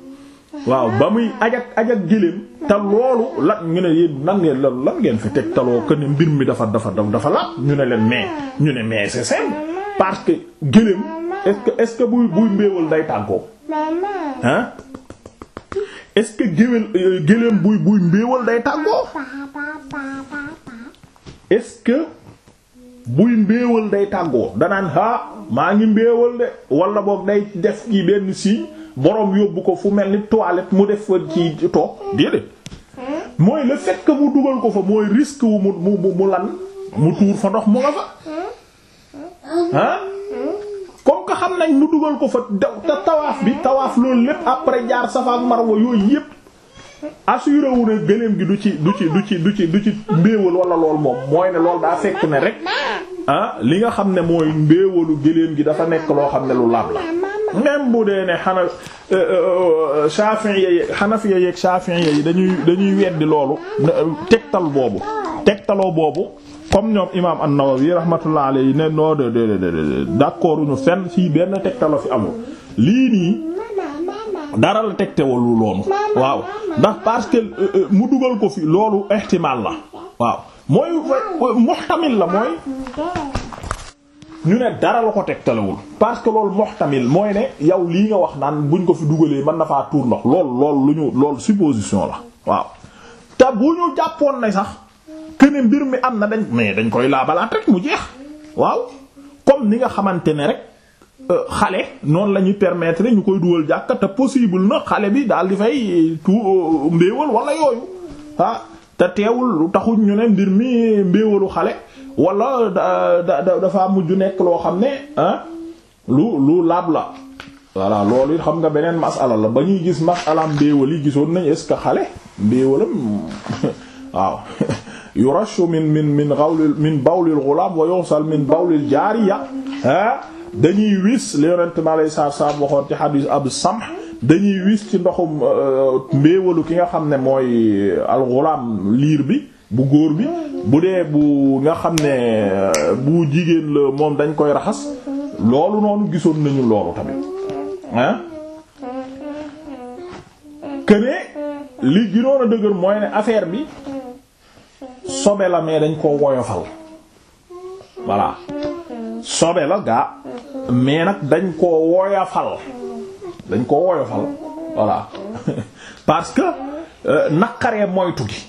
waaw ba muy ajak ajak gëléem te loolu lan ñu ne yéen nan ngeen lan ngeen fi teg taloo que ne mbir mi dafa dafa dafa laaj ñu ne leen mais ñu ne mais c'est simple parce que gëléem est-ce que est-ce que buy buy mbéewal day tàggoo ce que géwél euh, gëléem buy buy day tàggoo est-ce buy mbéewal day tàggoo danaan haa maa ngi mbéewal de wala boog day def kii benn signe borom yóbbu ko fu mel ni toilette mu def fa ci toog déedéet mooy le fait que mu dugal ko fa mooy risque wu mu mu mu lan mu tuur fa ndox mu nga fa ah comme xam nañ mu dugal ko fa daw te tawaaf bi tawaaf loolu lépp après jaar Safa maroo yooyu yépp assuré wu ne gëléem gi du ci du ci du ci du ci du ci mbéewal wala lool moom mooy ne loolu daa fekk ne rek ah li nga xam ne mooy mbéewalu géléem gi dafa nekk loo xam ne lu laab la même bu dee ne xana euh, euh, euh, Shafi'i yi Hanafiya yeeg Shafi'i yi dañuy dañuy weddi loolu tegtal boobu tegtaloo boobu comme ñoom imaam an-Nawawi rahmatullah yi ne non de de de d'accord ñu fenn fii benn tegtaloo fi amul lii nii dara la tegtewalu loolu waaw ndax parce que mu dugal ko fi loolu ihtimal la waaw mooy muxtamil la mooy ñu ne dara la ko tegtalewul parce que loolu muxtamil mooy ne yow lii nga wax naan buñ ko fi dugalee man na faa tuur ndox lool lool lu ñu lool supposition la waaw te bu ñu jàppoon na sax kene mbir mi am na dañ mais dañ koy laabalaat rek mu jeex waaw comme ni nga xamante ne rek euh, xale noonu la ñuy permettre ñu koy dugal jàkka te possible na xale bi daal di fay tu euh, mbéewal wala yooyu ah. te teewul lu taxul ñu ne mbir mi mbéewalu xale wala da dafa mujj nekk loo xam ne lu lu laab la. voilà loolu xam nga beneen masala la ba ñuy gis masalaam mbéewal yi gisoon nañ est ce que xale mbéewalam [LAUGHS] waaw [LAUGHS] yurashu min min min xawlil min bawlil ghulam wa yusal min bawlil jaariya dañuy wis li yonent ma lay saar saar waxoon ci xadiis abu samh dañuy wiis ci ndoxu euh, mbéewalu ki nga xam ne mooy euh, alxulaam liir bi bu góor bi bu dee bu nga xam ne euh, bu jigéen la moom dañ koy raxas loolu noonu gisoon nañu loolu tamit ah këne li ginoon a dëgër mooy ne affaire bi sobe la mais dañ koo woyofal voilà sobe la gaa mais nag dañ koo woyofal dañ ko woyofal voilà [LAUGHS] parce que euh, naqaree mooy gi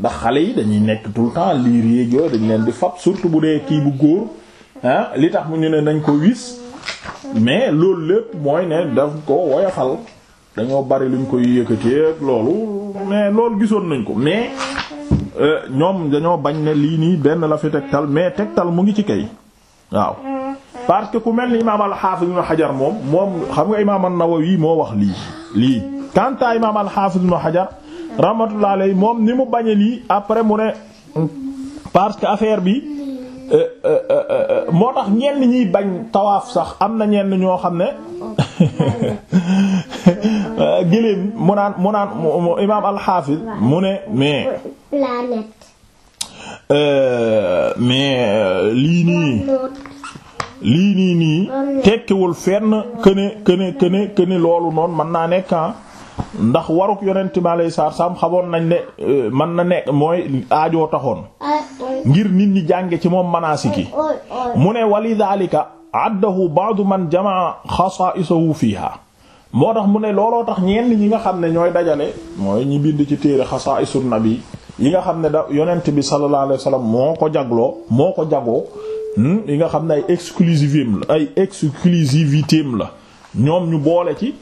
ndax xale yi dañuy nekk tout temps liir yéeg yooyu dañ leen di fab surtout bu dee kii bu góor ah li tax mu ñu ne nañ ko wis mais loolu lépp mooy ne daf ko woyofal dañoo bari luñ koy yëkkatee ak loolu mais loolu gisoon nañ ko mais euh, ñoom dañoo bañ ne lii nii benn la fi tegtal mais tegtal mu ngi ci kay waaw parce que ku mel ni imaam al-Hafiz ibn Hajar moom moom xam nga imaam an-Nawawi moo wax lii lii kanta imaam al-Hafiz ibn Hajar rahmatullah alayhi moom ni mu bañe lii après mu ne parce que affaire bi euh, euh, euh, moo tax ñenn ñiy bañ tawaaf sax am na ñenn ñoo xam ne [LAUGHS] gëléem mu naan mu naan imaam al-Hafiz mu ne mais mais lii nii lii nii nii tekkiwul fenn këne këne këne këne loolu noonu mën naa nekk ah. ndax waruk yonent bi alayhi salaatu salaam xamoon nañ ne euh, man na ne mooy aajoo taxoon ngir nit ñi jànge ci moom manaasi ki mu ne walidaalika addahu ba'du man jamaa xasaa'isahu fiiha moo tax mu ne looloo tax ñenn ñi nga xam ne ñooy dajale mooy ñi bind ci téere xasaa'isun nabi yi nga xam ne da yonent bi sallallahu alayhi wasallam moo ko jagloo moo ko jagoo yi hmm? nga xam ne ay exclusivisme la ay exclusivité la ñoom ñu boole ci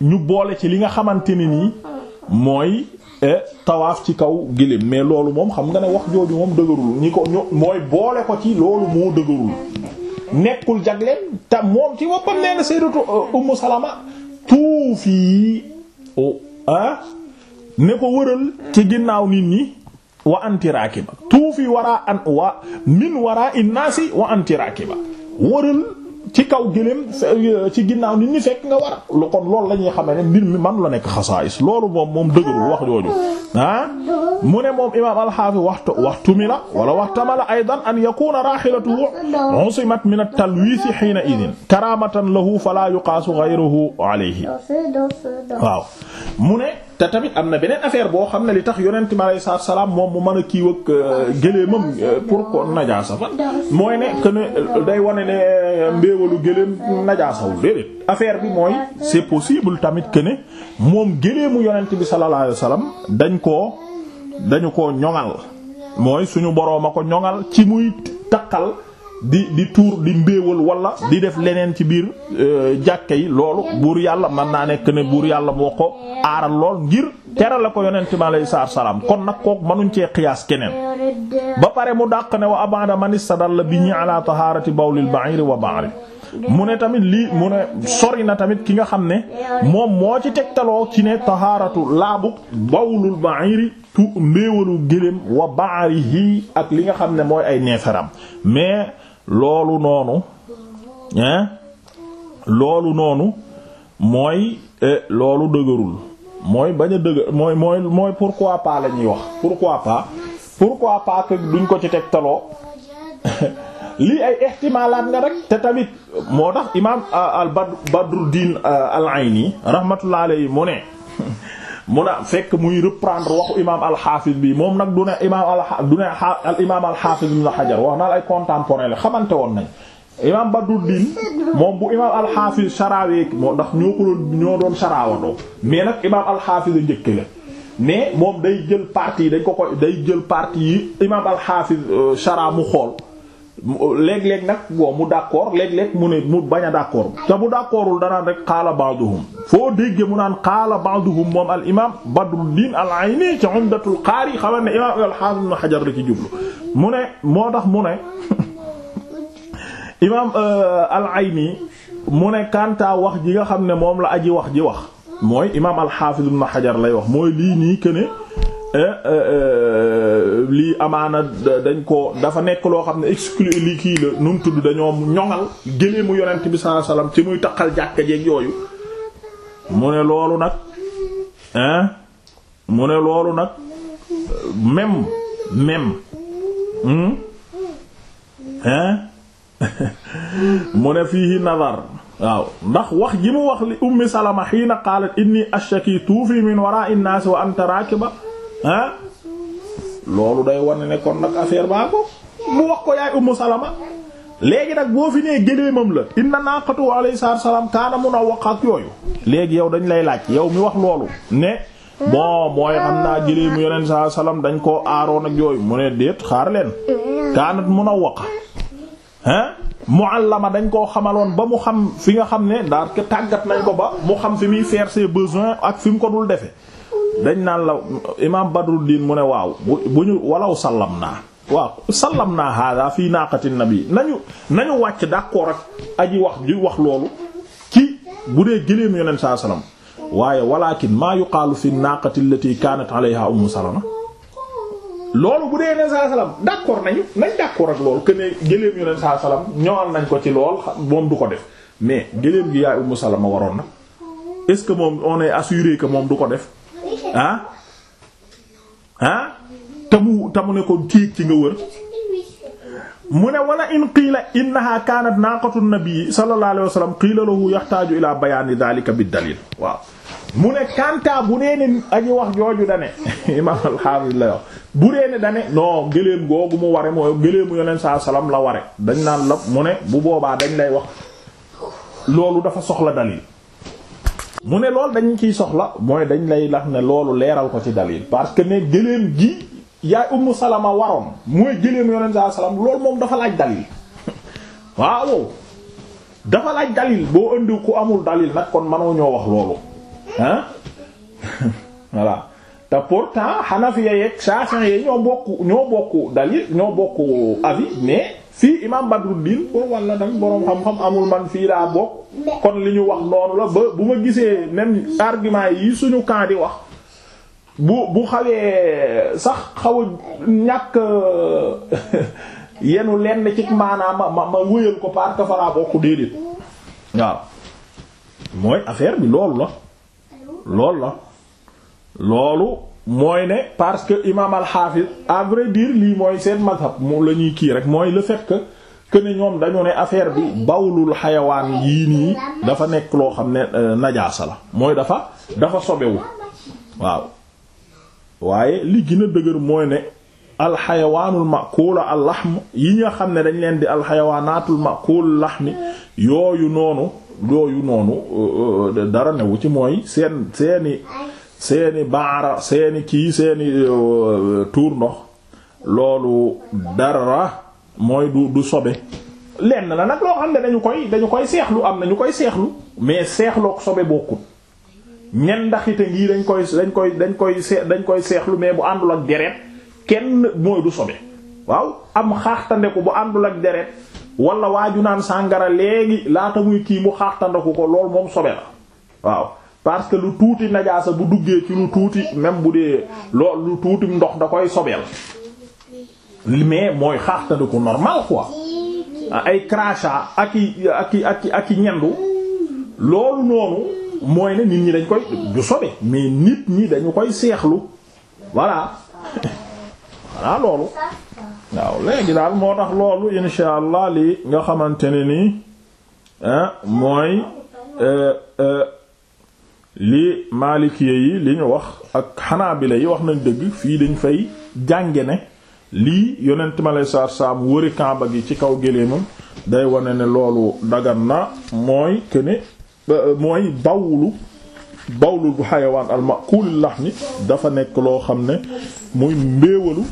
ñu boole ci li nga xamante ni nii mooy eh, tawaaf ci kaw gëléem mais loolu moom xam nga ne wax jooju moom dëgërul ñi ko mooy boole ko ci loolu moo dëgërul nekkul jagleen te moom ci boppam nee na sayyidatu eh, Ummu Salama tuufi oh, ah, ne ko wëral ci ginnaaw nit ñi wa anti raakiba tuufi waraa an wa min waraa innaasi wa anti raakiba wëral ci kaw gëléem euh, ci ginnaaw nit ñi fekk nga war lu kon loolu la mi man la nekk xasaayis loolu moom moom dëgërul wax jooju ah mu ne moom imaam alxaafi waxtu waxtumi la wala waxtamala aydan an yakuna raxilatuhu usimat min at-talwis hiina idin karamatan lahu fala yuqaasu ghayruhu alayhi waaw mu ne te tamit am na beneen affaire boo xam ne li tax yonent bi alayhi salaatu salaam moom mu mën a kii ak euh, gëléemam euh, pour ko najaasa fa mooy ne que euh, day wane ne mbéewalu gëléem najaasawul déedéet affaire bi mooy c'est possible tamit que ne moom gëléemu yonent bi sallallahu alayhi wasallam dañ koo dañu koo ñoŋal mooy suñu boroom a ko ñoŋal ci muy takkal di di tuur di mbéewal wala di def leneen ci biir euh, jàkke yi loolu buur yàlla mën naa nekk ne buur yàlla moo ko aaral lool ngir tere ko yonent mi alayhi salaam kon nag kook mënuñ cee xiyaas keneen ba pare mu dàq ne wa abada man istadalla bi ñi ala taharati bawlil ba'ir wa ba'ri mu ne tamit lii mu ne sori na tamit ki nga xam ne moom moo ci tegtaloo ci ne taharatu laabu bawlul ba'iri tu mbéewalu gëléem wa ba'rihi ak li nga xam ne mooy ay neeferam loolu noonu hein loolu noonu mooy eh, loolu dëgërul mooy bañ a dëgër mooy mooy mooy pourquoi pas la ñuy wax pour pourquoi pas pourquoi pas que duñ ko ci teg taloo [LAUGHS] lii ay ihtimalaat nga rek te tamit moo tax imaam ah, al Badruddin ah, al Ayni rahmatullah alayhi mu ne [LAUGHS] mu na fekk muy reprendre waxu imaam alxaafis bi moom nag du ne imaam alxa du ne al wax na la ay contemporain la xamante woon nañ imaam Badruddin moom bu imaam alxaafis sarawee moo ndax ñoo ko doon ñoo doon sarawandoo mais nag imaam alxaafis a njëkk la mais moom day jël parti yi ko koy day jël parti yi imaam alxaafis euh, sara mu xool. léeg-léeg nag boo mu d'accord léeg-léeg mu ne mu bañ a d'accord te bu d'accordul danaan rek qaala ba'duhum foo déggee mu naan qaala ba'duhum moom al imam Badruddin al Ayni ci Umdatul Qaari xamal ne imam al Haafiz Ibn Hajar la ci jublu mu ne moo tax mu ne [LAUGHS] imam euh, al Ayni mu ne kanta wax ji nga xam ne moom la aji wax ji wax mooy imam al Haafiz Ibn xajar lay wax mooy lii nii que Eh, eh, eh, lii amaana dañ ko dafa nekk loo xam ne exclu li kii la nu mu tudd dañoo ñoŋal géléemu yonent bi sallallahu ci muy taqal jàkka jeeg yooyu mu ne loolu nag hein mu ne loolu nag même même hmm? hein [LAUGHS] mu ne fiihi nadar waaw ndax wax ji mu wax li ummi salama xiina qaalat inni ashaki tuufi min wara'i an-nas wa anta rakiba ah loolu day wane ne kon nag affaire baa ko mu wax ko yaay ummu salama léegi nag boo fi nee gëléemam la inna naqatu alayhi salaam kaana mun a wax ak yooyu léegi yow dañu lay laaj yow mi wax loolu ne bon mooy xam naa gëléemu yonent saa salaam dañ koo aaroon ak yooyu mu ne déet xaar leen kaanat mun a wax ah muallama dañ koo xamaloon ba mu xam fi nga xam ne ndaar ke tàggat nañ ko ba mu xam fi muy faire ses besoins ak fi mu ko dul defe dañ naan la imaam Badruddin mu ne waaw bu ñu walaw sallam naa waaw sallam naa hada fii naaqati nabi nañu nañu wàcc d'accord ak aji wax ji wax loolu ci bu dee gëléem yonent saa sallam waaye walaakin maa yuqaalu fi naaqati allati kaanat alayha ummu salama loolu bu dee yonent saa sallam d'accord nañu nañ d'accord ak loolu que ne gëléem yonent saa sallam ñëwal nañ ko ci lool moom du ko def mais gëléem gi yaay ummu salama waroon na est-ce que moom on est assuré moom du ko def. ah ah te mu te ne ko ciig ci nga wër mu ne wala in qiila innaha kaanat naaqatu nabii sallallahu alayhi wa sallam qiila lahu yaxtaaju ila bayaani daalika bi waaw mu ne kanta bu dee ne aji wax jooju dane [LAUGHS] imam alxaafis la wax bu dee ne dane non gëléem googu mu ware mooy gëléemu yoneen saa la ware dañ naan la mu ne bu boobaa dañ lay wax loolu dafa soxla dalil mu ne loolu dañu ciy soxla mooy dañu lay lax ne loolu leeral ko ci dalil parce que ne gëléem gi yaay ummu salama waroon mooy gëléem yonent saa salam loolu moom dafa laaj dalil [LAUGHS] waaw dafa laaj dalil boo indi ku amul dalil nag kon mënoo ñoo wax loolu ah [LAUGHS] voilà te pourtant Hanafiya yeeg Shafi'i yi ñoo bokk ñoo bokk dalil ñoo bokk avis mais fii imaam Badruddin pour walla nag boroom xam-xam amul man fii daa bokk kon li ñu wax noonu la ba bu ma gisee même argument yi suñu camp di wax bu bu xawee sax xaw ñàkk euh, [LAUGHS] yenu lenn ci maanaam ma ma wëyal ko parce que fa laa bokk déedéet waaw mooy affaire bi loolu la loolu la loolu mooy ne parce que imaam al-Hafiz lii mooy seen mazhab moom la ñuy kii rek mooy le fekk que ñoom dañu ne affaire bi bawlul xayawaan yii nii dafa nekk loo xam ne euh, najaasa la mooy dafa dafa sobewu waaw waaye li gën dëgër mooy ne alxayawaanul ma al laxm yi nga xam ne dañ leen di alxayawaanaatul makuul laxmi yooyu noonu yooyu noonu euh, euh, dara newu ci mooy seen seeni seeni baara seeni kii seeni euh, tuur ndox loolu dara mooy du du sobe lenn la nag loo xam ne dañu koy dañu koy seexlu am na ñu koy seexlu mais seexlook sobe bokkut ñen ndaxite ngii dañ koy dañ koy dañ koy see dañ koy seexlu mais bu àndul ak deret kenn mooy du sobe waaw am xaaxtandeku bu àndul ak deret wala waaju naan sàngara léegi laata muy kii mu xaaxtandeku ko loolu moom sobe la waaw parce que lu tuuti najaasa bu duggee ci lu tuuti même bu dee loolu lu tuuti ndox da koy sobeel mais mooy xaaxtandiku normal quoi ay crachat ak i ak i ñendu loolu noonu mooy ne nit ñi dañ koy du sobe mais nit ñi dañu koy seexlu voilà voilà loolu waaw léegi daal moo tax loolu insha li nga xamante ne nii mooy euh, euh, li maalikiyee yi li ñu wax ak xanaabila yi wax nañ dëgg fii dañ fay jànge ne lii yonent ma lay saar saam wëri kamba gi ci kaw géléemam day wane ne loolu dagan na mooy këne euh, euh, mooy bawlu bawlu bu xayawaan almakuuli laxmi dafa nekk loo xam ne muy mbéewalu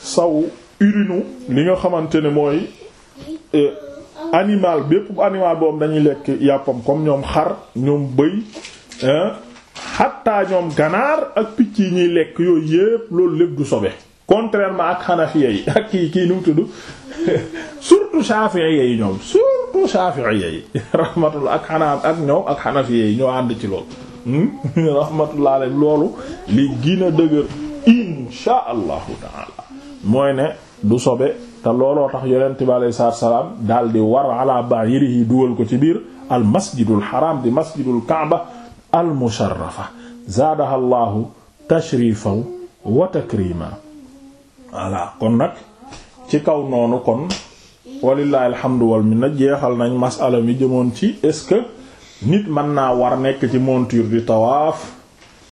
saw urinu li nga xamante ne mooy euh, animal bépp animal boobu dañuy lekk yàppam comme ñoom xar ñoom bëy xattaa ñoom ganaar ak picc yi ñuy lekk yooyu yépp loolu lépp du sobe contrairement ak xanafiya yi ak kii kii nu tudd [LAUGHS] surtout shafi'iyya yi ñoom surtout shafi'iyya yi [LAUGHS] rahmatullah ak xanaa ak ñoom ak xanafiya yi ñoo ànd ci loolu hmm? [LAUGHS] rahmatullah alayhi loolu li gën dëgër insha allahu taala mooy ne du sobe te looloo tax yonent bi alayhi salaatu wa salaam daal di war ala ba'irihi dugal ko ci biir al masjidul haram di masjidul kaaba al musharrafa zaadaha llaahu tashrifan wa takrima kon nag ci kaw noonu kon walillahi alhamdu wal jeexal nañ masala mi jëmoon ci est-ce que nit mën naa war nekk ci monture di tawaaf